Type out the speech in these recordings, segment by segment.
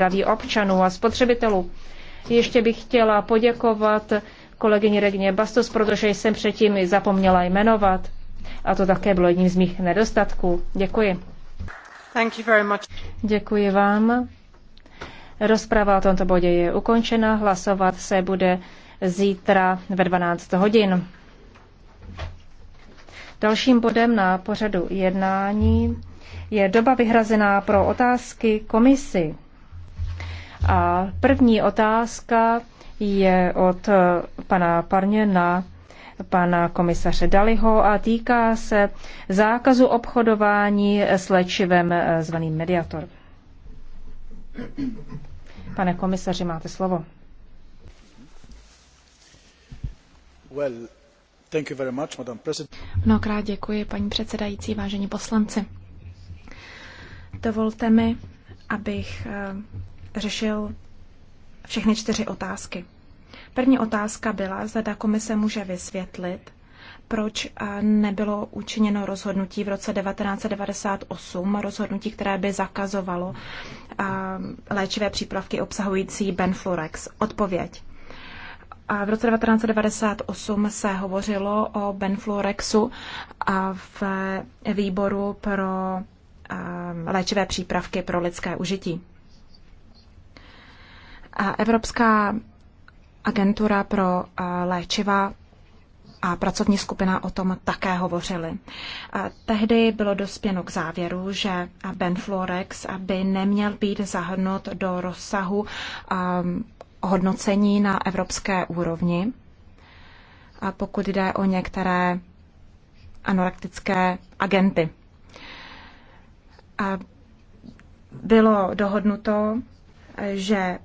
zdraví občanů a spotřebitelů. Ještě bych chtěla poděkovat kolegyni Regně Bastos, protože jsem předtím zapomněla jmenovat. A to také bylo jedním z mých nedostatků. Děkuji. Thank you very much. Děkuji vám. Rozprava o tomto bodě je ukončena. Hlasovat se bude zítra ve 12 hodin. Dalším bodem na pořadu jednání je doba vyhrazená pro otázky komisi. A první otázka je od eh, pana Parně na pana komisaře Daliho a týká se zákazu obchodování s léčivem eh, zvaným mediator. Pane komisaři, máte slovo. Well, thank you very much, Madam President. Mnohokrát děkuji, paní předsedající, vážení poslanci. Dovolte mi, abych eh, řešil všechny čtyři otázky. První otázka byla, zda komise může vysvětlit, proč nebylo učiněno rozhodnutí v roce 1998, rozhodnutí, které by zakazovalo léčivé přípravky obsahující Benflorex. Odpověď. A v roce 1998 se hovořilo o Benflorexu a v výboru pro léčivé přípravky pro lidské užití. Evropská agentura pro eh, léčiva a pracovní skupina o tom také hovořili. Eh, tehdy bylo dospěno k závěru, že Benflorex by neměl být zahrnut do rozsahu eh, hodnocení na evropské úrovni, a pokud jde o některé anorektické agenty. A bylo dohodnuto, že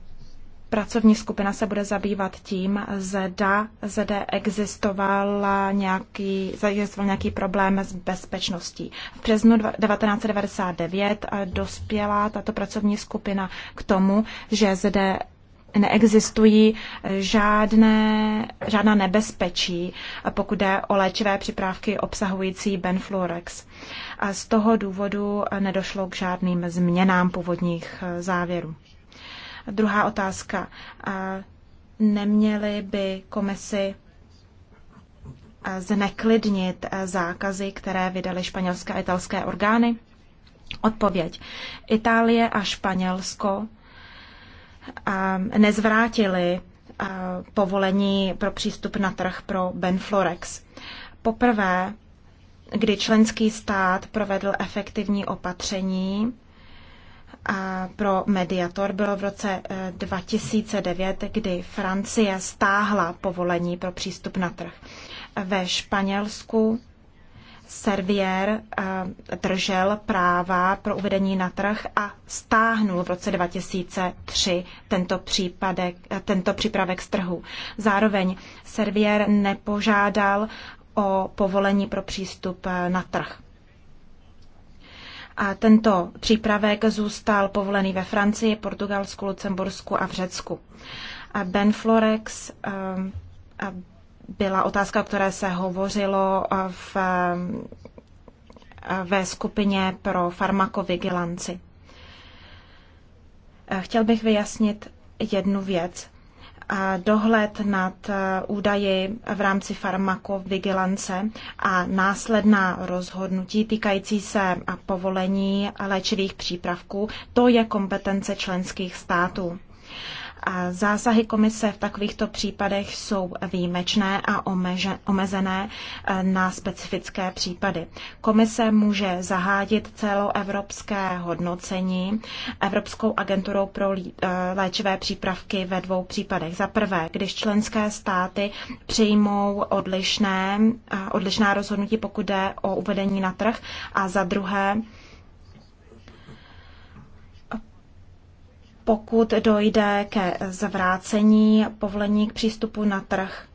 Pracovní skupina se bude zabývat tím, zda zde existoval nějaký, existoval nějaký problém s bezpečností. V březnu 1999 eh, dospěla tato pracovní skupina k tomu, že zde neexistují eh, žádné, žádná nebezpečí, eh, pokud jde o léčivé připravky obsahující benfluorex. A z toho důvodu nedošlo k žádným změnám původních závěrů. Druhá otázka. Neměly by komisi zneklidnit zákazy, které vydaly španělské a italské orgány? Odpověď. Itálie a Španělsko nezvrátili povolení pro přístup na trh pro Benflorex. Poprvé, kdy členský stát provedl efektivní opatření, pro mediator bylo v roce 2009, eh, kdy Francie stáhla povolení pro přístup na trh. Ve Španělsku Serviér eh, držel práva pro uvedení na trh a stáhnul v roce 2003 tento, případek, eh, tento přípravek z trhu. Zároveň Serviér nepožádal o povolení pro přístup na trh. A tento přípravek zůstal povolený ve Francii, Portugalsku, Lucembursku a v Řecku. A Benflorex ehm, a byla otázka, o které se hovořilo eh, v, eh, ve skupině pro farmakovigilanci. Eh, chtěl bych vyjasnit jednu věc dohled nad eh, údaji v rámci farmakovigilance a následná rozhodnutí týkající se povolení léčivých přípravků, to je kompetence členských států. Zásahy komise v takovýchto případech jsou výjimečné a omezené eh, na specifické případy. Komise může zahádit celoevropské hodnocení Evropskou agenturou pro eh, léčivé přípravky ve dvou případech. Za prvé, když členské státy přijmou odlišné, eh, odlišná rozhodnutí, pokud jde o uvedení na trh, a za druhé, pokud dojde ke zvrácení povolení k přístupu na trh.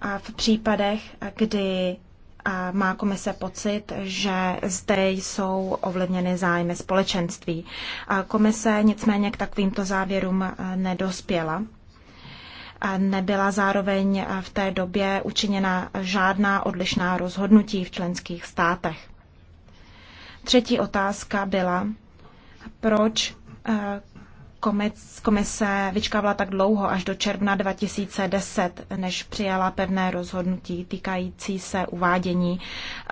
A v případech, kdy má komise pocit, že zde jsou ovlivněny zájmy společenství. A komise nicméně k takovýmto závěrům nedospěla. A nebyla zároveň v té době učiněna žádná odlišná rozhodnutí v členských státech. Třetí otázka byla, proč eh, komise vyčkávala tak dlouho, až do června 2010, než přijala pevné rozhodnutí týkající se uvádění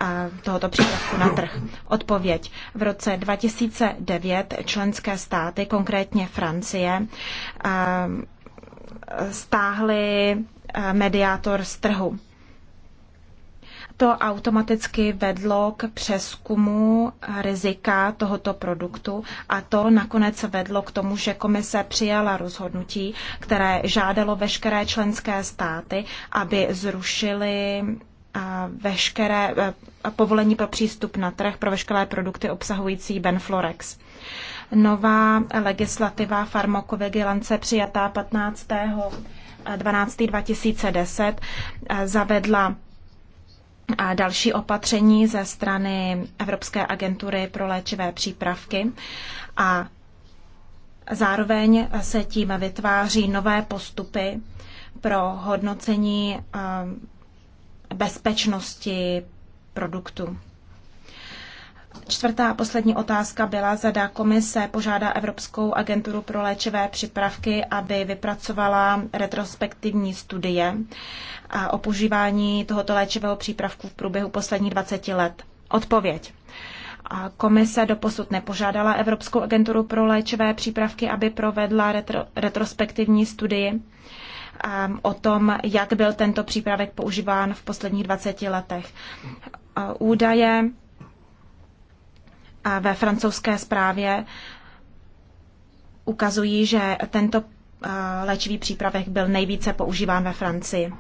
eh, tohoto přípravku na trh. Odpověď. V roce 2009 členské státy, konkrétně Francie, eh, stáhly mediátor z trhu to automaticky vedlo k přeskumu rizika tohoto produktu a to nakonec vedlo k tomu, že komise přijala rozhodnutí, které žádalo veškeré členské státy, aby zrušili veškeré povolení pro přístup na trh pro veškeré produkty obsahující Benflorex. Nová legislativa farmakovigilance přijatá 15. 12. 2010 zavedla a další opatření ze strany Evropské agentury pro léčivé přípravky a zároveň se tím vytváří nové postupy pro hodnocení eh, bezpečnosti produktu. Čtvrtá a poslední otázka byla, zda komise požádá Evropskou agenturu pro léčivé připravky, aby vypracovala retrospektivní studie o používání tohoto léčivého přípravku v průběhu posledních 20 let. Odpověď. Komise doposud nepožádala Evropskou agenturu pro léčivé přípravky, aby provedla retro, retrospektivní studii um, o tom, jak byl tento přípravek používán v posledních 20 letech. Údaje ve francouzské zprávě ukazují, že tento eh, léčivý přípravek byl nejvíce používán ve Francii.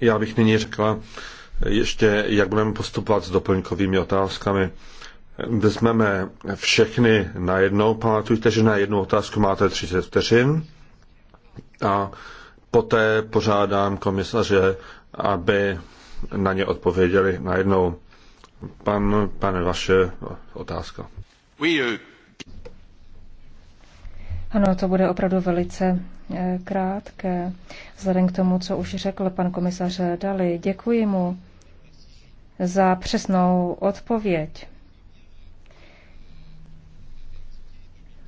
Já bych nyní řekla ještě, jak budeme postupovat s doplňkovými otázkami. Vezmeme všechny na jednou. Pamatujte, že na jednu otázku máte 30 vteřin a poté požádám komisaře, aby na ně odpověděli najednou. Pan, pane, vaše otázka. Euh, ano, to bude opravdu velice eh, krátké. Vzhledem k tomu, co už řekl pan komisař Dali, děkuji mu za přesnou odpověď.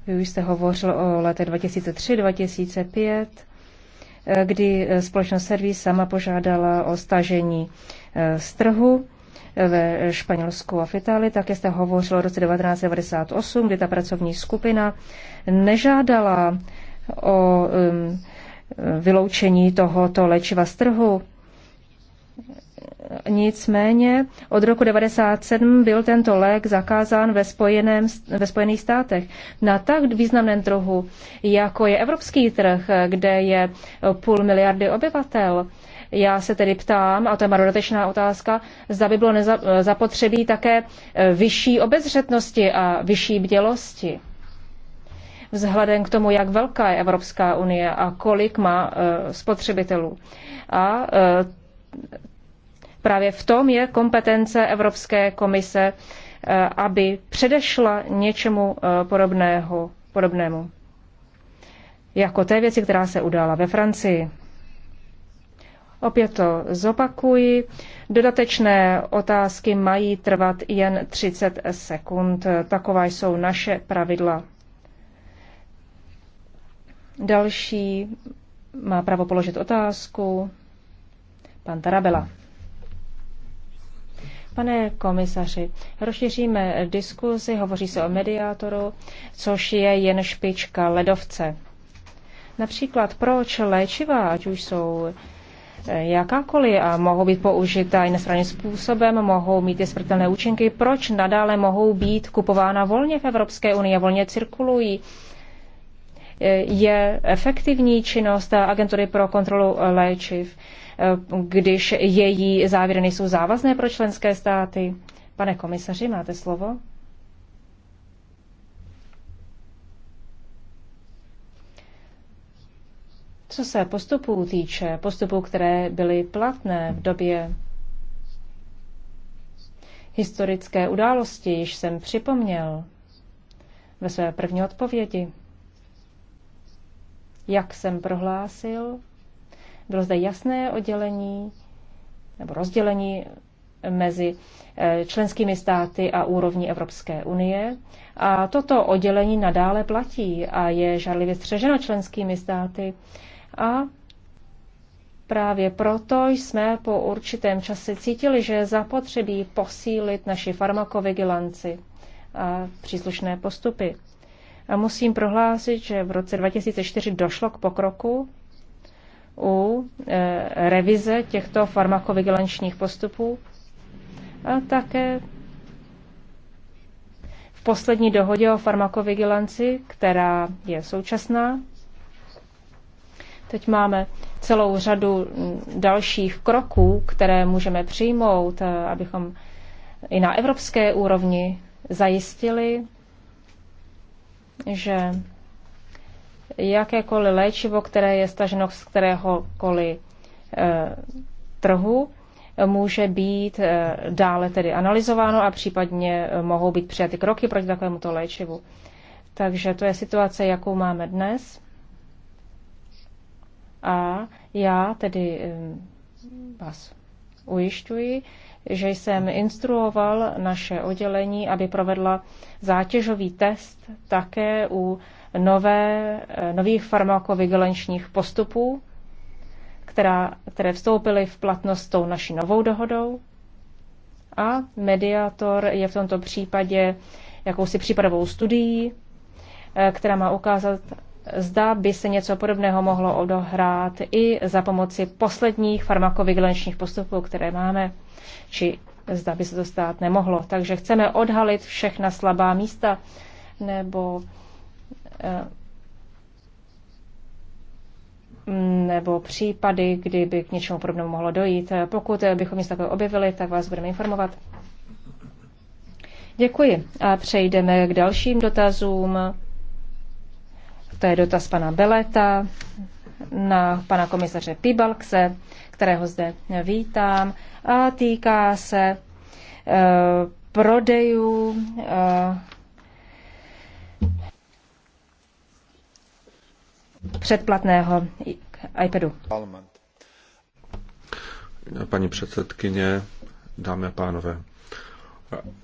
Vy už jste hovořil o lete 2003-2005, eh, kdy eh, společnost Servis sama požádala o stažení z trhu ve Španělsku a v Itálii, tak jste hovořil o roce 1998, kdy ta pracovní skupina nežádala o um, vyloučení tohoto léčiva z trhu. Nicméně od roku 1997 byl tento lék zakázán ve, spojeném, ve Spojených státech. Na tak významném trhu, jako je evropský trh, kde je půl miliardy obyvatel, já se tedy ptám, a to je má dodatečná otázka, zda by bylo neza, eh, zapotřebí také eh, vyšší obezřetnosti a vyšší bdělosti. Vzhledem k tomu, jak velká je Evropská unie a kolik má eh, spotřebitelů. A právě v tom je kompetence Evropské komise, aby předešla něčemu podobného, podobnému. Jako té věci, která se udála ve Francii. Opět to zopakuji. Dodatečné otázky mají trvat jen 30 sekund. Taková jsou naše pravidla. Další má právo položit otázku. Pan Tarabela. Pane komisaři, rozšíříme diskuzi, hovoří se o mediátoru, což je jen špička ledovce. Například proč léčiva, ať už jsou jakákoliv a mohou být použita i nesprávným způsobem, mohou mít i smrtelné účinky. Proč nadále mohou být kupována volně v Evropské unii a volně cirkulují? Je efektivní činnost agentury pro kontrolu léčiv, když její závěry nejsou závazné pro členské státy? Pane komisaři, máte slovo. Co se postupů týče, postupů, které byly platné v době historické události, již jsem připomněl ve své první odpovědi. Jak jsem prohlásil, bylo zde jasné oddělení nebo rozdělení mezi eh, členskými státy a úrovní Evropské unie. A toto oddělení nadále platí a je žárlivě střeženo členskými státy a právě proto jsme po určitém čase cítili, že zapotřebí posílit naši farmakovigilanci a příslušné postupy. A musím prohlásit, že v roce 2004 došlo k pokroku u e, revize těchto farmakovigilančních postupů a také v poslední dohodě o farmakovigilanci, která je současná, Teď máme celou řadu dalších kroků, které můžeme přijmout, eh, abychom i na evropské úrovni zajistili, že jakékoliv léčivo, které je staženo z kteréhokoliv eh, trhu, může být eh, dále tedy analyzováno a případně mohou být přijaty kroky proti takovémuto léčivu. Takže to je situace, jakou máme dnes. A já tedy vás ujišťuji, že jsem instruoval naše oddělení, aby provedla zátěžový test také u nové, e, nových farmakovigilančních postupů, která, které vstoupily v platnost tou naší novou dohodou. A mediátor je v tomto případě jakousi případovou studií, e, která má ukázat, zda by se něco podobného mohlo odohrát i za pomoci posledních farmakovigilančních postupů, které máme, či zda by se to stát nemohlo. Takže chceme odhalit všechna slabá místa nebo eh, nebo případy, kdyby k něčemu podobnému mohlo dojít. Pokud bychom něco takového objevili, tak vás budeme informovat. Děkuji a přejdeme k dalším dotazům. To je dotaz pana Beleta na pana komisaře Pibalkse, kterého zde vítám, a týká se e, prodejů e, předplatného iPadu. Paní předsedkyně, dámy a pánové,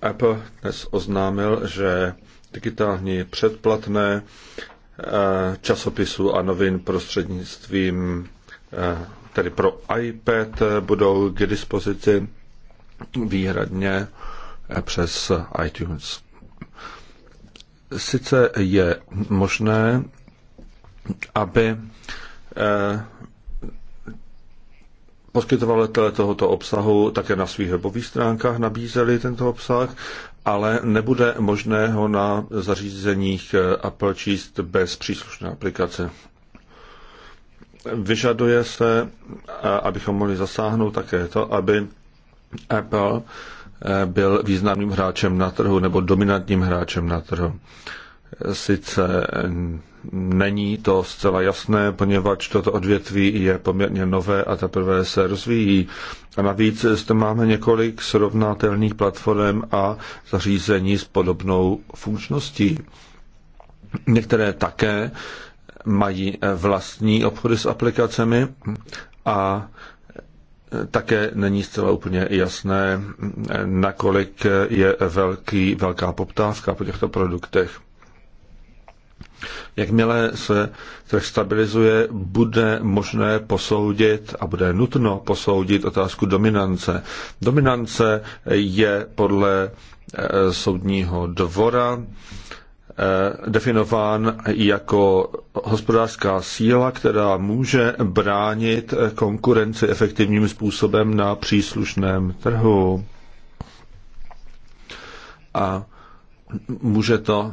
Apple dnes oznámil, že digitální předplatné Eh, časopisů a novin prostřednictvím, eh, tedy pro iPad, eh, budou k dispozici výhradně přes iTunes. Sice je možné, aby poskytovatelé tohoto obsahu také na svých webových stránkách nabízeli tento obsah, ale nebude možné ho na zařízeních eh, Apple číst bez příslušné aplikace. Vyžaduje se, eh, abychom mohli zasáhnout také to, aby Apple eh, byl významným hráčem na trhu nebo dominantním hráčem na trhu. Sice není to zcela jasné, poněvadž toto odvětví je poměrně nové a teprve se rozvíjí. A navíc zde máme několik srovnatelných platform a zařízení s podobnou funkčností. Některé také mají vlastní obchody s aplikacemi a také není zcela úplně jasné, nakolik je velký, velká poptávka po těchto produktech. Jakmile se trh stabilizuje, bude možné posoudit a bude nutno posoudit otázku dominance. Dominance je podle eh, soudního dvora eh, definován jako hospodářská síla, která může bránit konkurenci efektivním způsobem na příslušném trhu. A může to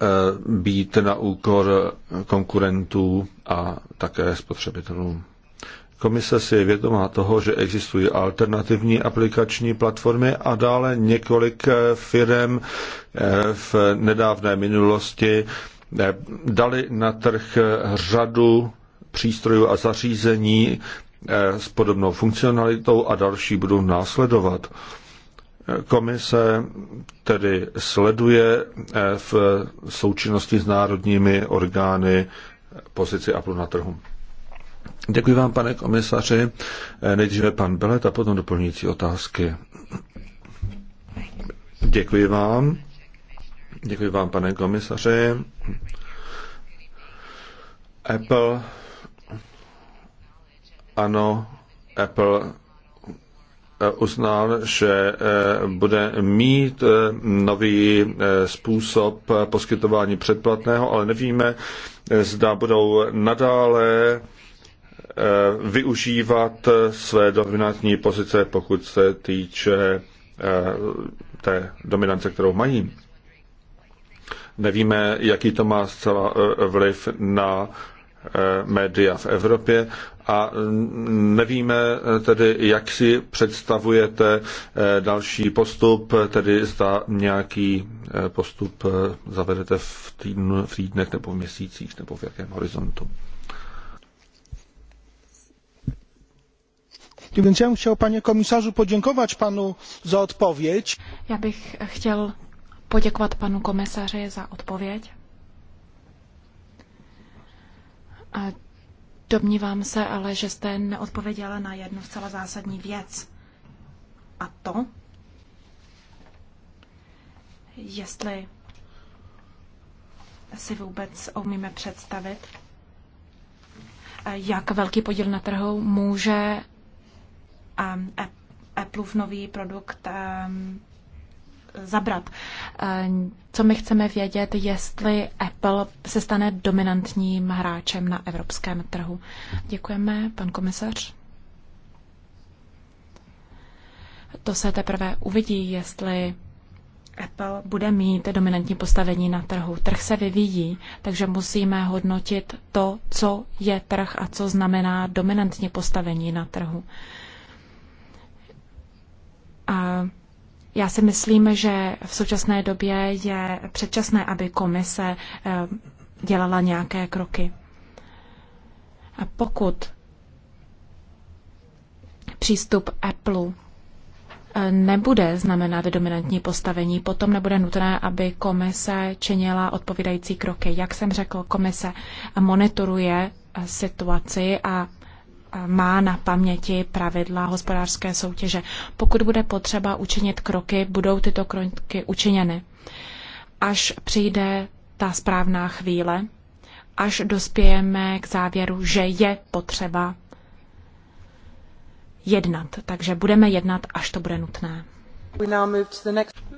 Eh, být na úkor konkurentů a také spotřebitelů. Komise si je vědomá toho, že existují alternativní aplikační platformy a dále několik eh, firm eh, v nedávné minulosti dali na trh řadu přístrojů a zařízení s podobnou funkcionalitou a další budou následovat. Komise tedy sleduje eh, v součinnosti s národními orgány pozici Apple na trhu. Děkuji vám, pane komisaři. Eh, nejdříve pan Belet a potom doplňující otázky. Děkuji vám. Děkuji vám, pane komisaři. Apple, ano, Apple uznal, že eh, bude mít eh, nový eh, způsob poskytování předplatného, ale nevíme, zda budou nadále využívat své dominantní pozice, pokud se týče té dominance, kterou mají. Nevíme, jaký to má zcela vliv na Eh, média v Evropě a nevíme tedy, jak si představujete eh, další postup, tedy zda nějaký eh, postup zavedete v, týdnu, v týdnech nebo v měsících nebo v jakém horizontu. Więc ja bym chciał, panie komisarzu, podziękować panu za odpowiedź. Ja bych chtěl poděkovat panu komisaři za odpověď. Domnívám se ale, že jste neodpověděla na jednu zcela zásadní věc. A to, jestli si vůbec umíme představit, jak velký podíl na trhu může Apple v nový produkt ehm, zabrat. Eh, co my chceme vědět, jestli Apple se stane dominantním hráčem na evropském trhu. Děkujeme, pan komisař. To se teprve uvidí, jestli Apple bude mít dominantní postavení na trhu. Trh se vyvíjí, takže musíme hodnotit to, co je trh a co znamená dominantní postavení na trhu. A já si myslím, že v současné době je předčasné, aby komise eh, dělala nějaké kroky. A pokud přístup Apple eh, nebude znamenat dominantní postavení, potom nebude nutné, aby komise činila odpovídající kroky. Jak jsem řekl, komise monitoruje eh, situaci a má na paměti pravidla hospodářské soutěže. Pokud bude potřeba učinit kroky, budou tyto kroky učiněny. Až přijde ta správná chvíle, až dospějeme k závěru, že je potřeba jednat. Takže budeme jednat, až to bude nutné.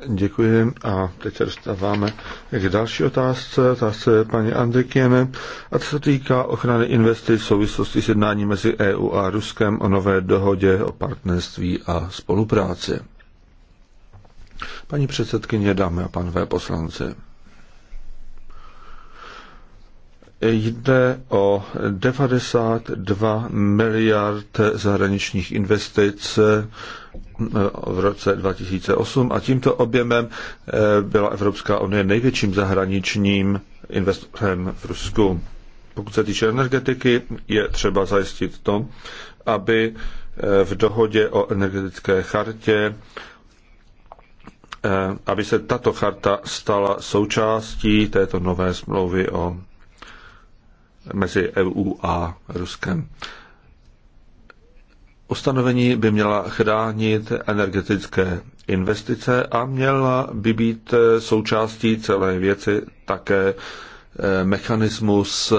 Děkuji a teď se dostáváme k další otázce, otázce paní Andrikiene, a to se týká ochrany investic v souvislosti s jednání mezi EU a Ruskem o nové dohodě o partnerství a spolupráci. Paní předsedkyně, dámy a pánové poslanci. Jde o 92 miliard zahraničních investic eh, v roce 2008 a tímto objemem eh, byla Evropská unie největším zahraničním investorem v Rusku. Pokud se týče energetiky, je třeba zajistit to, aby eh, v dohodě o energetické chartě aby se tato charta stala součástí této nové smlouvy o mezi EU a Ruskem. Ustanovení by měla chránit energetické investice a měla by být součástí celé věci také eh, mechanismus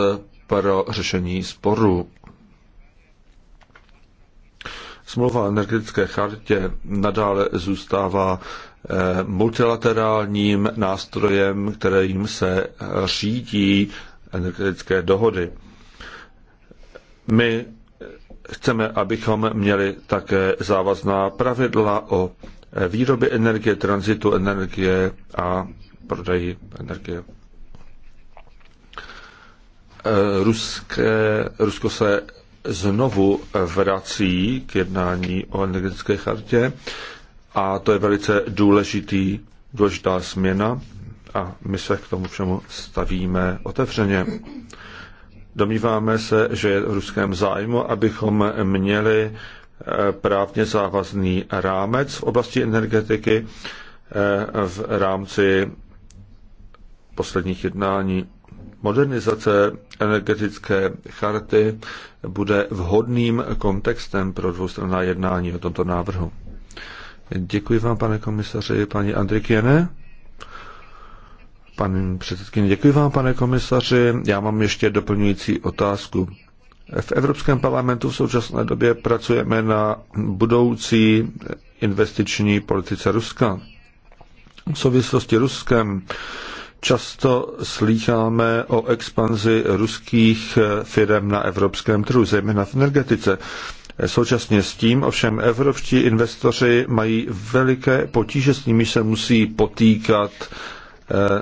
pro řešení sporů. Smlouva o energetické chartě nadále zůstává eh, multilaterálním nástrojem, kterým se řídí energetické dohody. My chceme, abychom měli také závazná pravidla o výrobě energie, tranzitu energie a prodeji energie. Ruské, Rusko se znovu vrací k jednání o energetické chartě a to je velice důležitý, důležitá změna a my se k tomu všemu stavíme otevřeně. Domníváme se, že je v ruském zájmu, abychom měli eh, právně závazný rámec v oblasti energetiky eh, v rámci posledních jednání. Modernizace energetické charty bude vhodným kontextem pro dvoustranná jednání o tomto návrhu. Děkuji vám, pane komisaři, paní Andrikiene. Paní předsedkyně, děkuji vám, pane komisaři. Já mám ještě doplňující otázku. V Evropském parlamentu v současné době pracujeme na budoucí investiční politice Ruska. V souvislosti Ruskem často slýcháme o expanzi ruských firm na evropském trhu, zejména v energetice. Současně s tím ovšem evropští investoři mají veliké potíže, s nimi se musí potýkat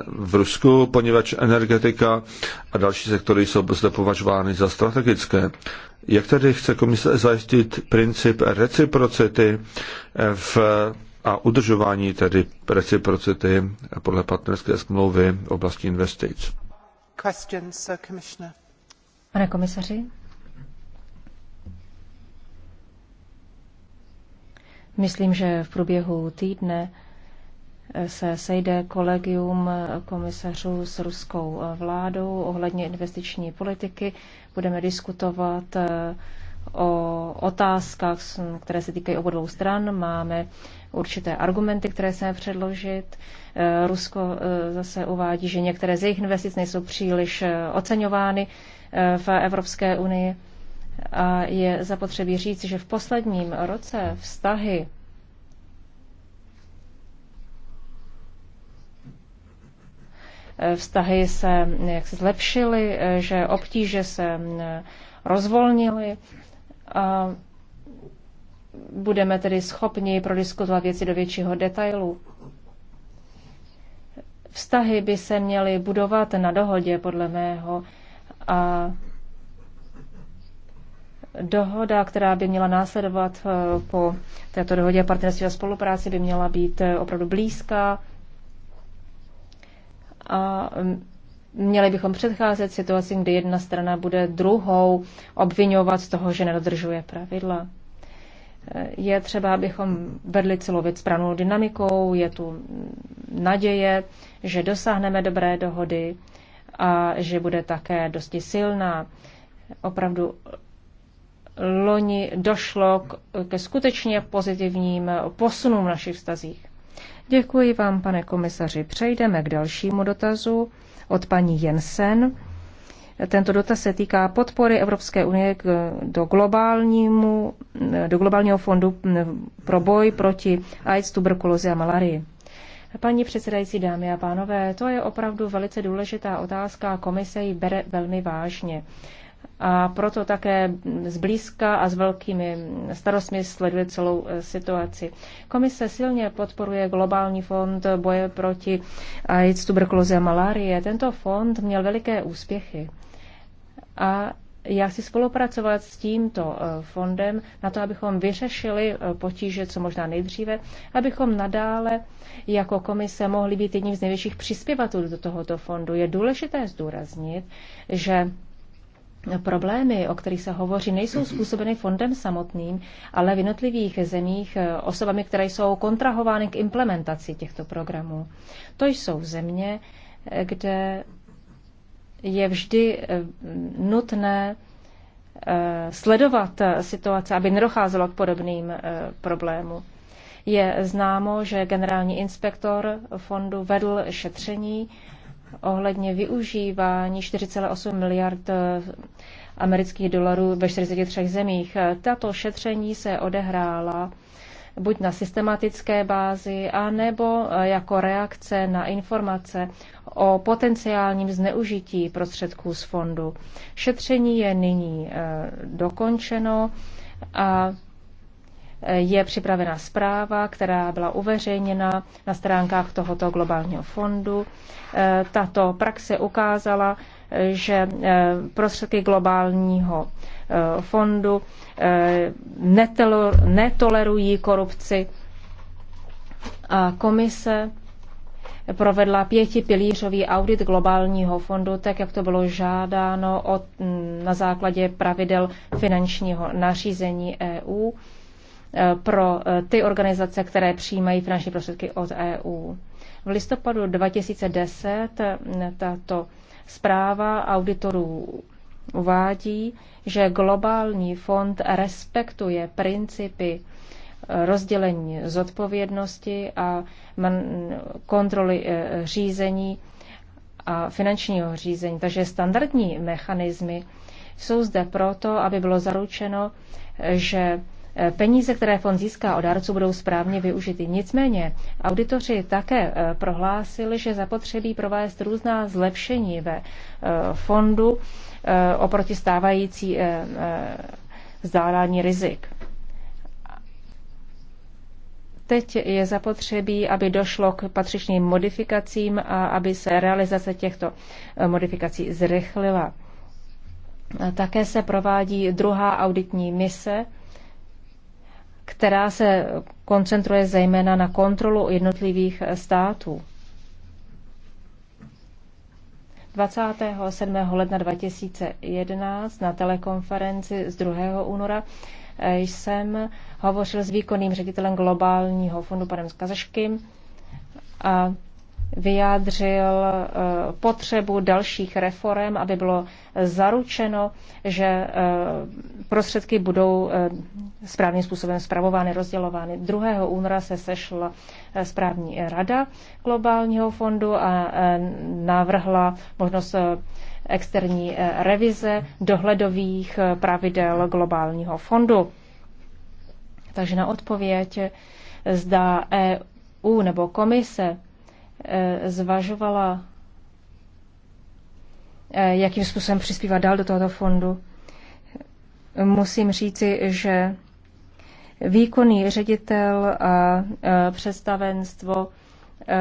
v Rusku, poněvadž energetika a další sektory jsou zde považovány za strategické. Jak tedy chce komise zajistit princip reciprocity eh, v a udržování tedy reciprocity podle partnerské smlouvy v oblasti investic. Pane komisaři? Myslím, že v průběhu týdne se sejde kolegium komisařů s ruskou vládou ohledně investiční politiky. Budeme diskutovat eh, o otázkách, které se týkají obou dvou stran. Máme určité argumenty, které chceme předložit. Eh, Rusko eh, zase uvádí, že některé z jejich investic nejsou příliš oceňovány v Evropské unii. A je zapotřebí říct, že v posledním roce vztahy Eh, vztahy se eh, jak se zlepšily, eh, že obtíže se mm, rozvolnily. A budeme tedy schopni prodiskutovat věci do většího detailu. Vztahy by se měly budovat na dohodě, podle mého, a dohoda, která by měla následovat po této dohodě partnerství a spolupráci, by měla být opravdu blízká, a měli bychom předcházet situacím, kdy jedna strana bude druhou obvinovat z toho, že nedodržuje pravidla. E, je třeba, abychom vedli celou věc správnou dynamikou, je tu naděje, že dosáhneme dobré dohody a že bude také dosti silná. Opravdu loni došlo ke skutečně pozitivním posunům v našich vztazích. Děkuji vám, pane komisaři. Přejdeme k dalšímu dotazu od paní Jensen. Tento dotaz se týká podpory Evropské unie do, globálnímu, do globálního fondu pro boj proti AIDS, tuberkulóze a malarii. Paní předsedající, dámy a pánové, to je opravdu velice důležitá otázka a komise ji bere velmi vážně a proto také zblízka a s velkými starostmi sleduje celou e, situaci. Komise silně podporuje Globální fond boje proti AIDS, tuberkulóze a malárie. Tento fond měl veliké úspěchy a já chci spolupracovat s tímto e, fondem na to, abychom vyřešili e, potíže co možná nejdříve, abychom nadále jako komise mohli být jedním z největších přispěvatelů do tohoto fondu. Je důležité zdůraznit, že problémy, o kterých se hovoří, nejsou způsobeny fondem samotným, ale v jednotlivých zemích eh, osobami, které jsou kontrahovány k implementaci těchto programů. To jsou země, eh, kde je vždy eh, nutné sledovat situace, aby nedocházelo k podobným problémům. Je známo, že generální inspektor fondu vedl šetření ohledně využívání 4,8 miliard eh, amerických dolarů ve 43 zemích. Tato šetření se odehrála buď na systematické bázi, anebo eh, jako reakce na informace o potenciálním zneužití prostředků z fondu. Šetření je nyní eh, dokončeno a je připravena zpráva, která byla uveřejněna na stránkách tohoto globálního fondu. E, tato praxe ukázala, že e, prostředky globálního e, fondu netolerují korupci a komise provedla pětipilířový audit globálního fondu, tak jak to bylo žádáno od, na základě pravidel finančního nařízení EU. Eh, pro eh, ty organizace, které přijímají finanční prostředky od EU. V listopadu 2010 eh, tato zpráva auditorů uvádí, že globální fond respektuje principy rozdělení zodpovědnosti a kontroly řízení a finančního řízení. Takže standardní mechanismy jsou zde proto, aby bylo zaručeno, že Peníze, které fond získá od dárců, budou správně využity. Nicméně auditoři také eh, prohlásili, že zapotřebí provést různá zlepšení ve eh, fondu eh, oproti stávající vzdálání rizik. Teď je zapotřebí, aby došlo k patřičným modifikacím a aby se realizace těchto modifikací zrychlila. Také se provádí druhá auditní mise která se koncentruje zejména na kontrolu jednotlivých států. 27. ledna 2011 na telekonferenci z 2. února jsem hovořil s výkonným ředitelem Globálního fondu panem Skazeškým a vyjádřil eh, potřebu dalších reform, aby bylo zaručeno, že eh, prostředky budou eh, správným způsobem zpravovány, rozdělovány. 2. února se sešla správní rada globálního fondu a navrhla možnost externí revize dohledových pravidel globálního fondu. Takže na odpověď zda EU nebo komise Eh, zvažovala, eh, jakým způsobem přispívat dál do tohoto fondu, musím říci, že výkonný ředitel a eh, představenstvo Eh,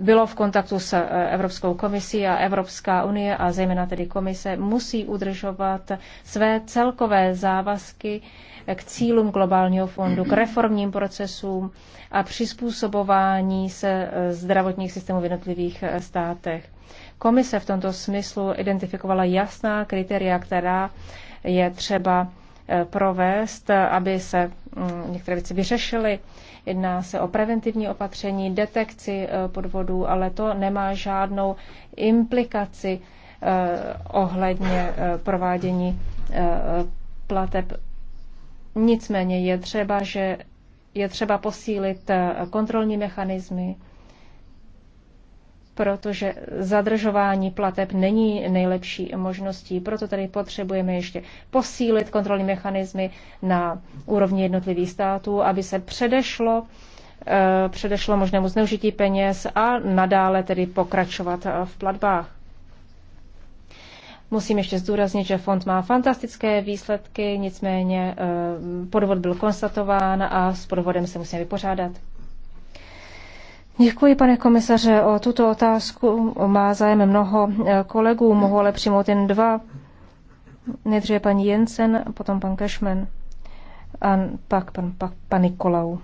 bylo v kontaktu s eh, Evropskou komisí a Evropská unie a zejména tedy komise musí udržovat své celkové závazky k cílům globálního fondu, k reformním procesům a přizpůsobování se eh, zdravotních systémů v jednotlivých státech. Komise v tomto smyslu identifikovala jasná kritéria, která je třeba provést, aby se mm, některé věci vyřešily Jedná se o preventivní opatření, detekci eh, podvodů, ale to nemá žádnou implikaci eh, ohledně eh, provádění plateb. Nicméně je třeba, že je třeba posílit kontrolní mechanismy, protože zadržování plateb není nejlepší možností. Proto tady potřebujeme ještě posílit kontrolní mechanismy na úrovni jednotlivých států, aby se předešlo eh, předešlo možnému zneužití peněz a nadále tedy pokračovat eh, v platbách. Musím ještě zdůraznit, že fond má fantastické výsledky, nicméně eh, podvod byl konstatován a s podvodem se musíme vypořádat. Děkuji, pane komisaře. O tuto otázku má zájem mnoho eh, kolegů, mohu ale přijmout jen dva. Nejdříve paní Jensen, potom pan Kešmen a pak pan, pak, pan Nikolau.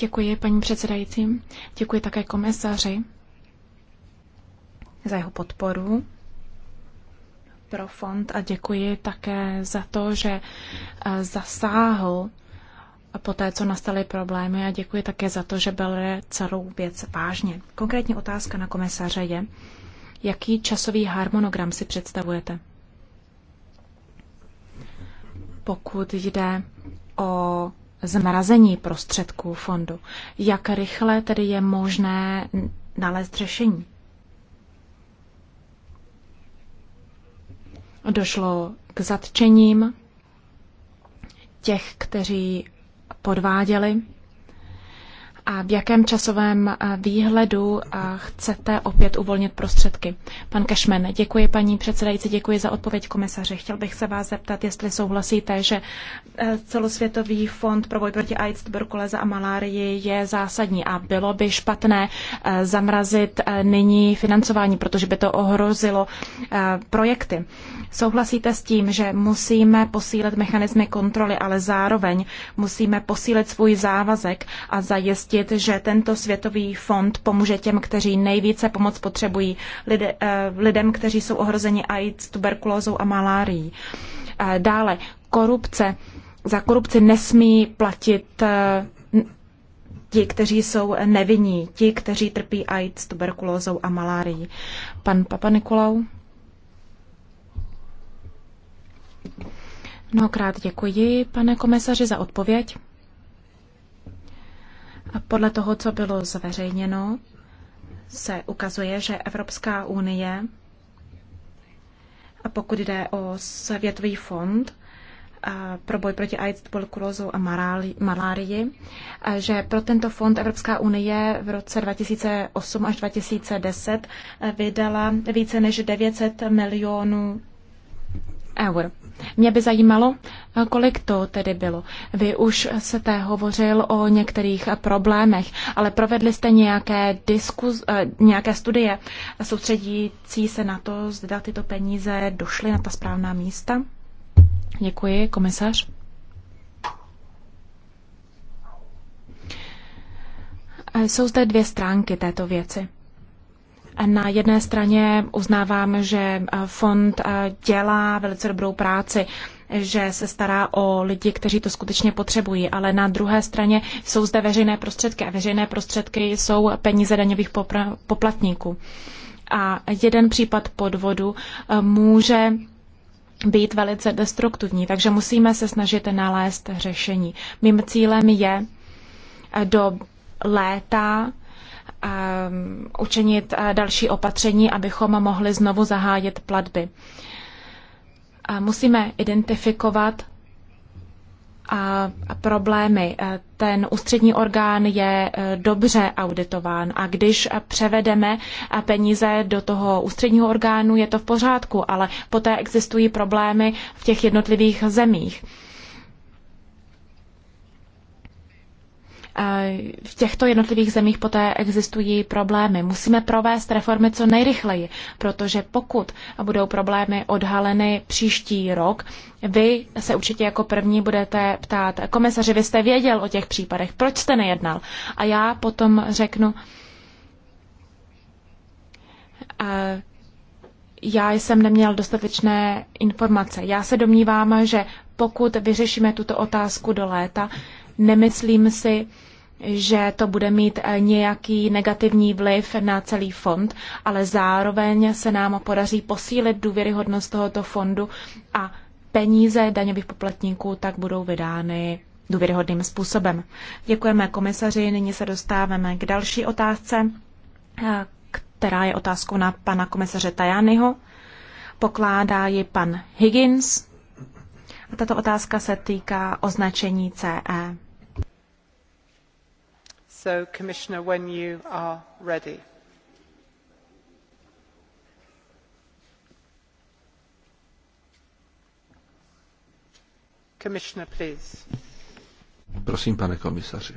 Děkuji, paní předsedající. Děkuji také komisaři za jeho podporu pro fond a děkuji také za to, že eh, zasáhl poté, co nastaly problémy a děkuji také za to, že byly celou věc vážně. Konkrétní otázka na komisaře je, jaký časový harmonogram si představujete? Pokud jde o zmrazení prostředků fondu, jak rychle tedy je možné nalézt řešení? Došlo k zatčením těch, kteří podváděli a v jakém časovém eh, výhledu eh, chcete opět uvolnit prostředky. Pan Kešmen, děkuji paní předsedající, děkuji za odpověď komisaře. Chtěl bych se vás zeptat, jestli souhlasíte, že eh, celosvětový fond pro boj proti AIDS, tuberkuleze a malárii je zásadní a bylo by špatné zamrazit nyní financování, protože by to ohrozilo projekty. Souhlasíte s tím, že musíme posílit mechanizmy kontroly, ale zároveň musíme posílit svůj závazek a zajistit, zajistit, že tento světový fond pomůže těm, kteří nejvíce pomoc potřebují, lidi, eh, lidem, kteří jsou ohroženi AIDS, tuberkulózou a malárií. Eh, dále, korupce. Za korupci nesmí platit eh, ti, kteří jsou nevinní, ti, kteří trpí AIDS, tuberkulózou a malárií. Pan Papa Nikolau. Mnohokrát děkuji, pane komisaři, za odpověď. Podle toho, co bylo zveřejněno, se ukazuje, že Evropská unie, a pokud jde o Světový fond pro boj proti AIDS, tuberkulózu a malárii, že pro tento fond Evropská unie v roce 2008 až 2010 vydala více než 900 milionů eur. Mě by zajímalo, kolik to tedy bylo. Vy už jste hovořil o některých problémech, ale provedli jste nějaké, diskuz, eh, nějaké studie soustředící se na to, zda tyto peníze došly na ta správná místa? Děkuji, komisař. Eh, jsou zde dvě stránky této věci. Na jedné straně uznávám, že eh, fond eh, dělá velice dobrou práci, že se stará o lidi, kteří to skutečně potřebují, ale na druhé straně jsou zde veřejné prostředky a veřejné prostředky jsou peníze daňových poplatníků. A jeden případ podvodu eh, může být velice destruktivní, takže musíme se snažit nalézt řešení. Mým cílem je do léta Um, učinit uh, další opatření, abychom mohli znovu zahájit platby. Uh, musíme identifikovat a uh, problémy. Ten ústřední orgán je dobře auditován a když převedeme peníze do toho ústředního orgánu, je to v pořádku, ale poté existují problémy v těch jednotlivých zemích. Eh, v těchto jednotlivých zemích poté existují problémy. Musíme provést reformy co nejrychleji, protože pokud budou problémy odhaleny příští rok, vy se určitě jako první budete ptát, komisaři, vy jste věděl o těch případech, proč jste nejednal? A já potom řeknu, a eh, já jsem neměl dostatečné informace. Já se domnívám, že pokud vyřešíme tuto otázku do léta, Nemyslím si, že to bude mít eh, nějaký negativní vliv na celý fond, ale zároveň se nám podaří posílit důvěryhodnost tohoto fondu a peníze daňových poplatníků tak budou vydány důvěryhodným způsobem. Děkujeme komisaři, nyní se dostáváme k další otázce, eh, která je otázkou na pana komisaře Tajányho. Pokládá ji pan Higgins. A tato otázka se týká označení CE. So, Commissioner, when you are ready. Commissioner, please. Prosím, pane komisaři.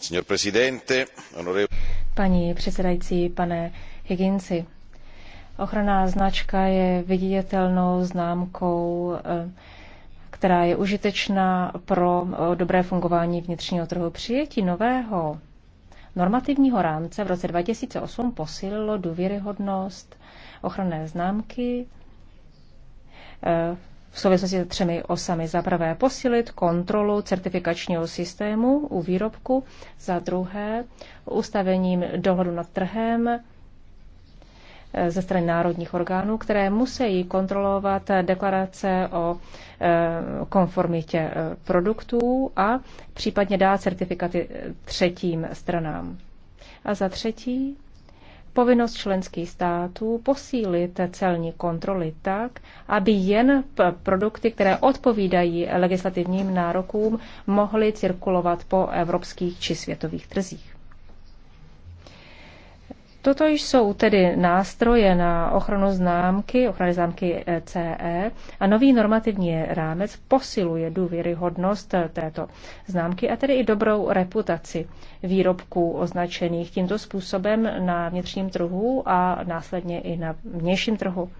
Signor Presidente, onorevole... Paní předsedající, pane Higginsi, Ochranná značka je viditelnou známkou, eh, která je užitečná pro eh, dobré fungování vnitřního trhu. Přijetí nového normativního rámce v roce 2008 posílilo důvěryhodnost ochranné známky eh, v souvislosti s třemi osami. Za prvé posilit kontrolu certifikačního systému u výrobku, za druhé ustavením dohodu nad trhem Eh, ze strany národních orgánů, které musí kontrolovat deklarace o eh, konformitě eh, produktů a případně dát certifikaty třetím stranám. A za třetí, povinnost členských států posílit celní kontroly tak, aby jen produkty, které odpovídají legislativním nárokům, mohly cirkulovat po evropských či světových trzích. Toto jsou tedy nástroje na ochranu známky, ochrany známky CE e a nový normativní rámec posiluje důvěryhodnost této známky a tedy i dobrou reputaci výrobků označených tímto způsobem na vnitřním trhu a následně i na vnějším trhu.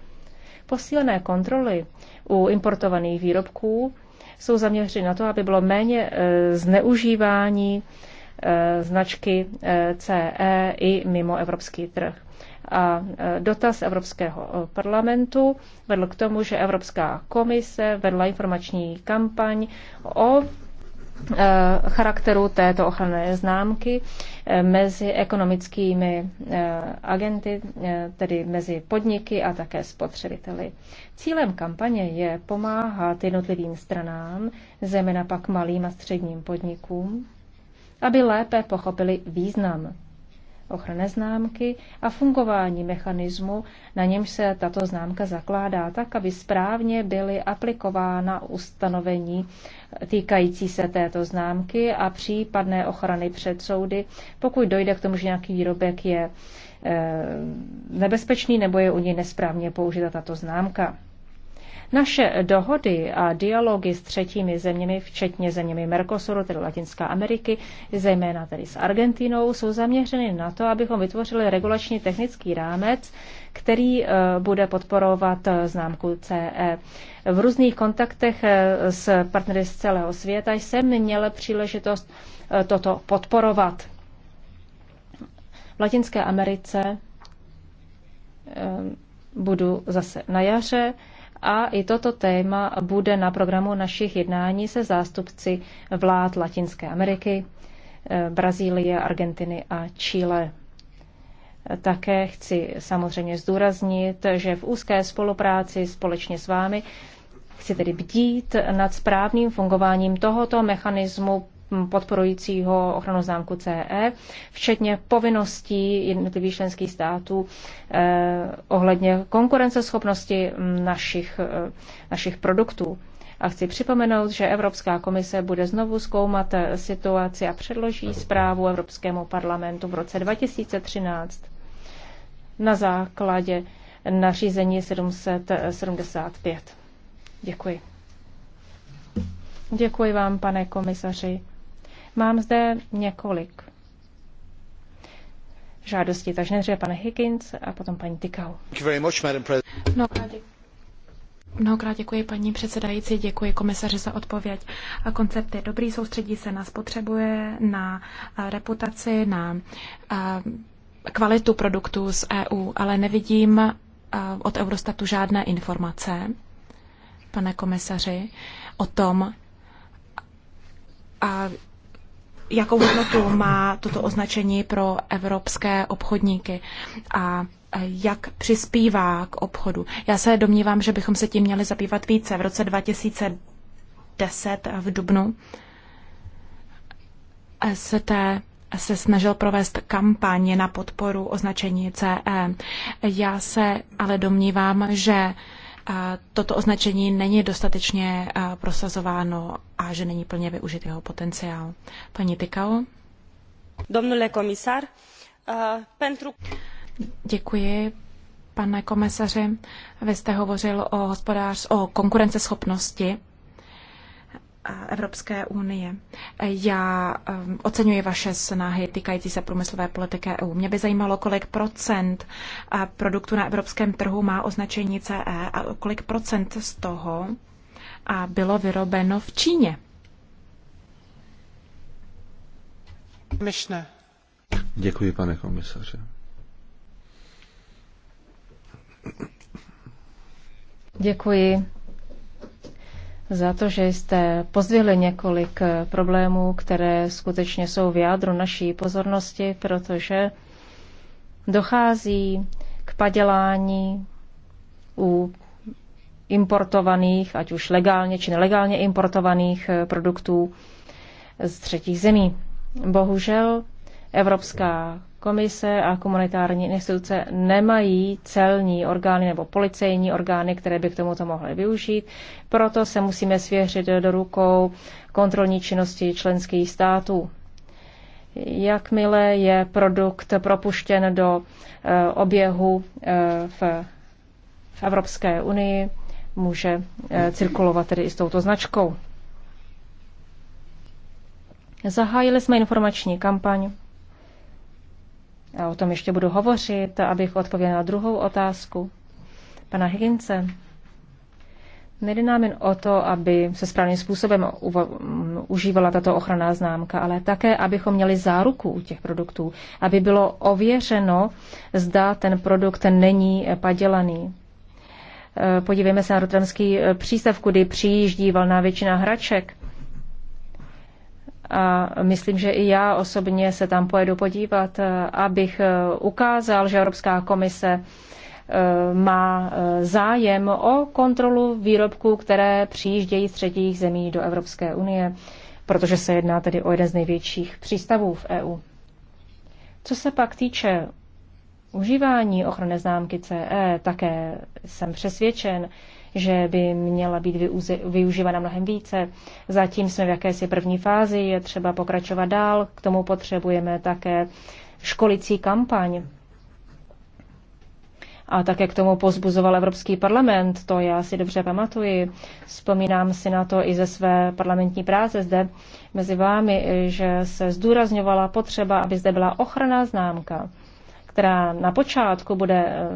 Posílené kontroly u importovaných výrobků jsou zaměřeny na to, aby bylo méně e, zneužívání Eh, značky eh, CE i mimo evropský trh. A eh, dotaz Evropského parlamentu vedl k tomu, že Evropská komise vedla informační kampaň o charakteru této ochranné známky mezi ekonomickými agenty, tedy mezi podniky a také spotřebiteli. Cílem kampaně je pomáhat jednotlivým stranám, zejména pak malým a středním podnikům, aby lépe pochopili význam ochranné známky a fungování mechanismu, na němž se tato známka zakládá, tak, aby správně byly aplikována ustanovení týkající se této známky a případné ochrany před soudy, pokud dojde k tomu, že nějaký výrobek je eh, nebezpečný nebo je u něj nesprávně použita tato známka. Naše dohody a dialogy s třetími zeměmi, včetně zeměmi Mercosuru, tedy Latinská Ameriky, zejména tedy s Argentinou, jsou zaměřeny na to, abychom vytvořili regulační technický rámec, který eh, bude podporovat eh, známku CE. V různých kontaktech eh, s partnery z celého světa jsem měl příležitost toto podporovat. V Latinské Americe budu zase na jaře a i toto téma bude na programu našich jednání se zástupci vlád Latinské Ameriky, eh, Brazílie, Argentiny a Chile. Také chci samozřejmě zdůraznit, že v úzké spolupráci společně s vámi chci tedy bdít nad správným fungováním tohoto mechanismu podporujícího ochranu známku CE, včetně povinností jednotlivých členských států eh, ohledně konkurenceschopnosti našich, eh, našich produktů. A chci připomenout, že Evropská komise bude znovu zkoumat eh, situaci a předloží zprávu Evropskému parlamentu v roce 2013 na základě nařízení 775. Děkuji. Děkuji vám, pane komisaři. Mám zde několik žádostí, takže nejdříve pane Higgins a potom paní Tykau. Mnohokrát, děkuji. Mnohokrát děkuji paní předsedající, děkuji komisaři za odpověď. Koncept je dobrý, soustředí se na spotřebuje, na eh, reputaci, na eh, kvalitu produktů z EU, ale nevidím eh, od Eurostatu žádné informace, pane komisaři, o tom, a jakou hodnotu má toto označení pro evropské obchodníky a e, jak přispívá k obchodu. Já se domnívám, že bychom se tím měli zabývat více. V roce 2010 v Dubnu e, se té se snažil provést kampaně na podporu označení CE. Já se ale domnívám, že toto označení není dostatečně prosazováno a že není plně využit jeho potenciál. Paní Tykao. Domnule komisar, pentru... Děkuji, pane komisaři. Vy jste hovořil o hospodář, o konkurenceschopnosti Evropské unie. Já ehm, oceňuji vaše snahy týkající se průmyslové politiky EU. Mě by zajímalo, kolik procent eh, produktů na evropském trhu má označení CE a kolik procent z toho bylo vyrobeno v Číně. Myšne. Děkuji, pane komisaře. Děkuji za to, že jste pozdvihli několik eh, problémů, které skutečně jsou v jádru naší pozornosti, protože dochází k padělání u importovaných, ať už legálně či nelegálně importovaných eh, produktů z třetích zemí. Bohužel Evropská Komise a komunitární instituce nemají celní orgány nebo policejní orgány, které by k tomuto mohly využít. Proto se musíme svěřit do rukou kontrolní činnosti členských států. Jakmile je produkt propuštěn do eh, oběhu eh, v, v Evropské unii, může eh, cirkulovat tedy i s touto značkou. Zahájili jsme informační kampaň O tom ještě budu hovořit, abych odpověděla na druhou otázku pana Higgince. Nejde nám jen o to, aby se správným způsobem užívala tato ochranná známka, ale také, abychom měli záruku u těch produktů, aby bylo ověřeno, zda ten produkt není padělaný. E, podívejme se na rotranský e, přístav, kudy přijíždí valná většina hraček. A myslím, že i já osobně se tam pojedu podívat, eh, abych eh, ukázal, že Evropská komise eh, má zájem o kontrolu výrobků, které přijíždějí z třetích zemí do Evropské unie, protože se jedná tedy o jeden z největších přístavů v EU. Co se pak týče užívání ochranné známky CE, také jsem přesvědčen, že by měla být využívána mnohem více. Zatím jsme v jakési první fázi, je třeba pokračovat dál, k tomu potřebujeme také školicí kampaň. A také k tomu pozbuzoval Evropský parlament, to já si dobře pamatuji. Vzpomínám si na to i ze své parlamentní práce zde mezi vámi, že se zdůrazňovala potřeba, aby zde byla ochrana známka, která na počátku bude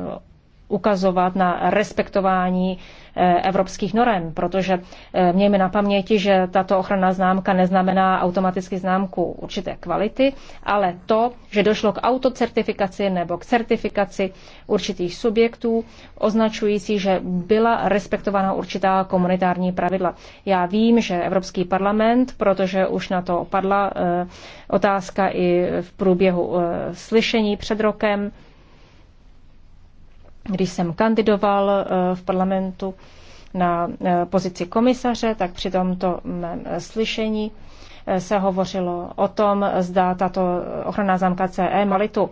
ukazovat na respektování eh, evropských norem, protože eh, mějme na paměti, že tato ochranná známka neznamená automaticky známku určité kvality, ale to, že došlo k autocertifikaci nebo k certifikaci určitých subjektů, označující, že byla respektována určitá komunitární pravidla. Já vím, že Evropský parlament, protože už na to padla eh, otázka i v průběhu slyšení před rokem, když jsem kandidoval eh, v parlamentu na eh, pozici komisaře, tak při tomto mém eh, slyšení se hovořilo o tom, zda tato ochranná zámka CE Malitu.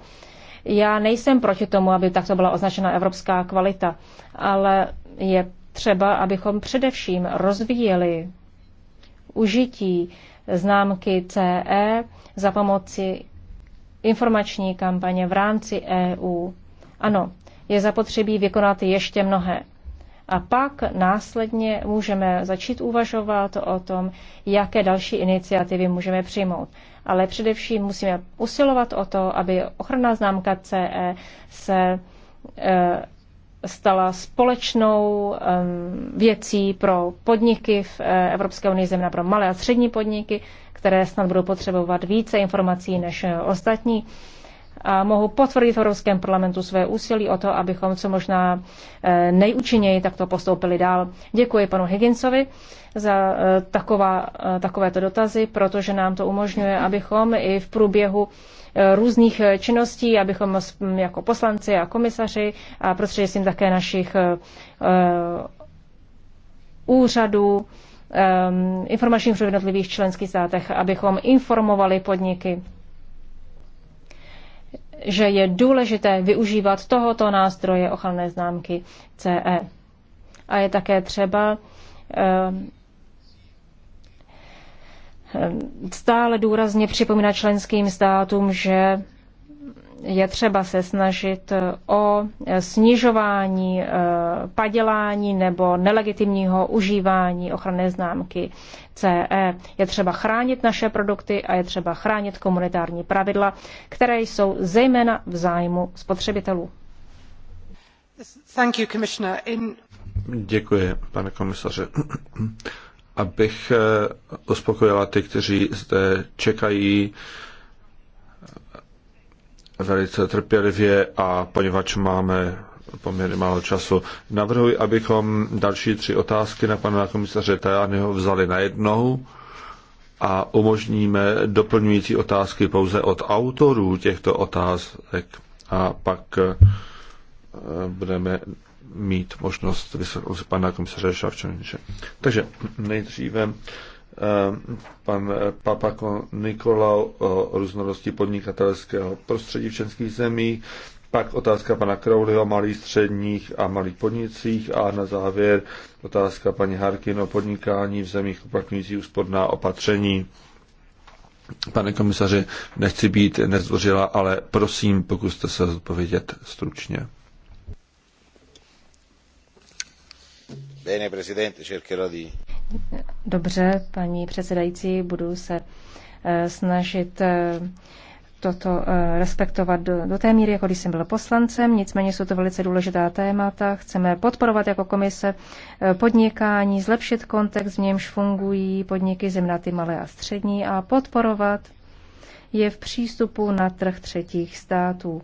Já nejsem proti tomu, aby takto byla označena evropská kvalita, ale je třeba, abychom především rozvíjeli užití známky CE za pomoci informační kampaně v rámci EU. Ano, je zapotřebí vykonat ještě mnohé. A pak následně můžeme začít uvažovat o tom, jaké další iniciativy můžeme přijmout. Ale především musíme usilovat o to, aby ochranná známka CE se e, stala společnou věcí pro podniky v e, Evropské unii, zejména pro malé a střední podniky, které snad budou potřebovat více informací než ostatní a mohu potvrdit v Evropském parlamentu své úsilí o to, abychom co možná eh, nejúčinněji takto postoupili dál. Děkuji panu Higginsovi za eh, taková, eh, takovéto dotazy, protože nám to umožňuje, abychom i v průběhu různých činností, abychom jako poslanci a komisaři a prostřednictvím také našich úřadů, informačních v jednotlivých členských státech, abychom informovali podniky že je důležité využívat tohoto nástroje ochranné známky CE. A je také třeba eh, eh, stále důrazně připomínat členským státům, že je třeba se snažit o snižování eh, padělání nebo nelegitimního užívání ochranné známky CE. Je třeba chránit naše produkty a je třeba chránit komunitární pravidla, které jsou zejména v zájmu spotřebitelů. Thank you, Commissioner. In... Děkuji, pane komisaře. Abych eh, uspokojila ty, kteří zde čekají, velice trpělivě a poněvadž máme poměrně málo času. Navrhuji, abychom další tři otázky na pana komisaře Tajányho vzali na jednou a umožníme doplňující otázky pouze od autorů těchto otázek a pak eh, budeme mít možnost vysvětlit pana komisaře Šavčaniče. Takže nejdříve Eh, pan eh, Papako Nikolau o různorodosti podnikatelského prostředí v českých zemích, pak otázka pana Crowleyho o malých středních a malých podnicích a na závěr otázka paní Harkin o podnikání v zemích uplatňující úsporná opatření. Pane komisaři, nechci být nezdvořila, ale prosím, pokuste se odpovědět stručně. Bene, presidente, cercherò di Dobře, paní předsedající, budu se eh, snažit eh, toto eh, respektovat do, do té míry, jako když jsem byl poslancem. Nicméně jsou to velice důležitá témata. Chceme podporovat jako komise podnikání, zlepšit kontext, v němž fungují podniky zemna ty malé a střední a podporovat je v přístupu na trh třetích států.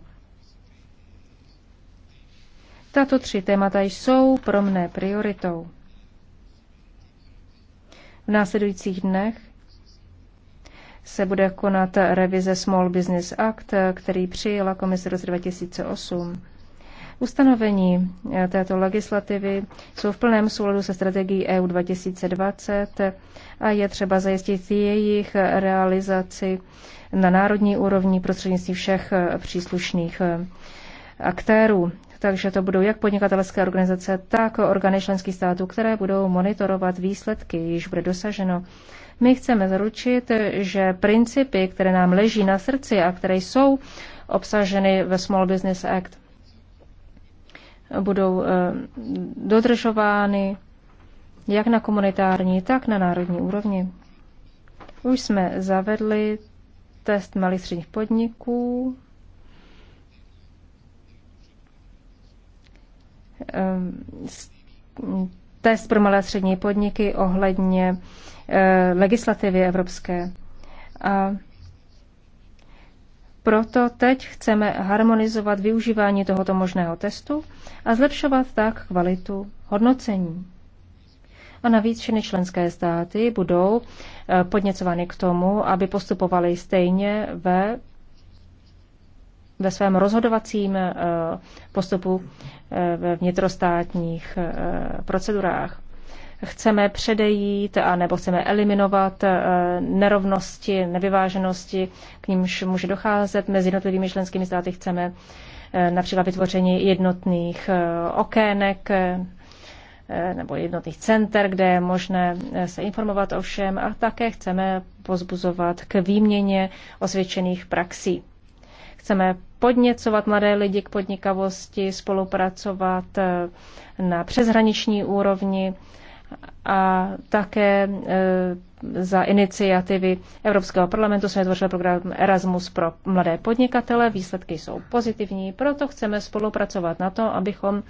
Tato tři témata jsou pro mne prioritou. V následujících dnech se bude konat revize Small Business Act, který přijela komise roce 2008. Ustanovení této legislativy jsou v plném souladu se strategií EU 2020 a je třeba zajistit jejich realizaci na národní úrovni prostřednictvím všech příslušných aktérů takže to budou jak podnikatelské organizace, tak orgány členských států, které budou monitorovat výsledky, již bude dosaženo. My chceme zaručit, že principy, které nám leží na srdci a které jsou obsaženy ve Small Business Act, budou eh, dodržovány jak na komunitární, tak na národní úrovni. Už jsme zavedli test malých středních podniků, Eh, test pro malé a střední podniky ohledně eh, legislativy evropské. A proto teď chceme harmonizovat využívání tohoto možného testu a zlepšovat tak kvalitu hodnocení. A navíc všechny členské státy budou eh, podněcovány k tomu, aby postupovaly stejně ve ve svém rozhodovacím eh, postupu eh, ve vnitrostátních eh, procedurách. Chceme předejít a nebo chceme eliminovat nerovnosti, nevyváženosti, k nímž může docházet mezi jednotlivými členskými státy. Chceme například vytvoření jednotných okének nebo jednotných center, kde je možné se informovat o všem a také chceme pozbuzovat k výměně osvědčených praxí. Chceme podněcovat mladé lidi k podnikavosti, spolupracovat eh, na přeshraniční úrovni a také eh, za iniciativy Evropského parlamentu jsme tvořili program Erasmus pro mladé podnikatele. Výsledky jsou pozitivní, proto chceme spolupracovat na to, abychom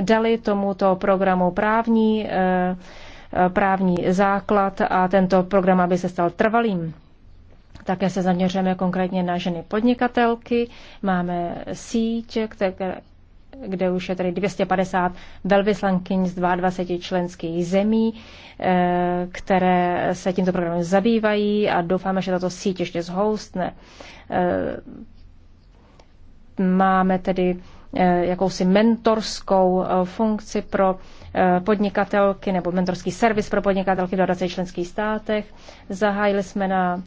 dali tomuto programu právní, eh, právní základ a tento program, aby se stal trvalým. Také se zaměřujeme konkrétně na ženy podnikatelky. Máme síť, které, kde už je tady 250 velvyslankyň z 22 členských zemí, eh, které se tímto programem zabývají a doufáme, že tato síť ještě zhoustne. Eh, máme tedy eh, jakousi mentorskou funkci pro podnikatelky nebo mentorský servis pro podnikatelky v 20 členských státech. Zahájili jsme na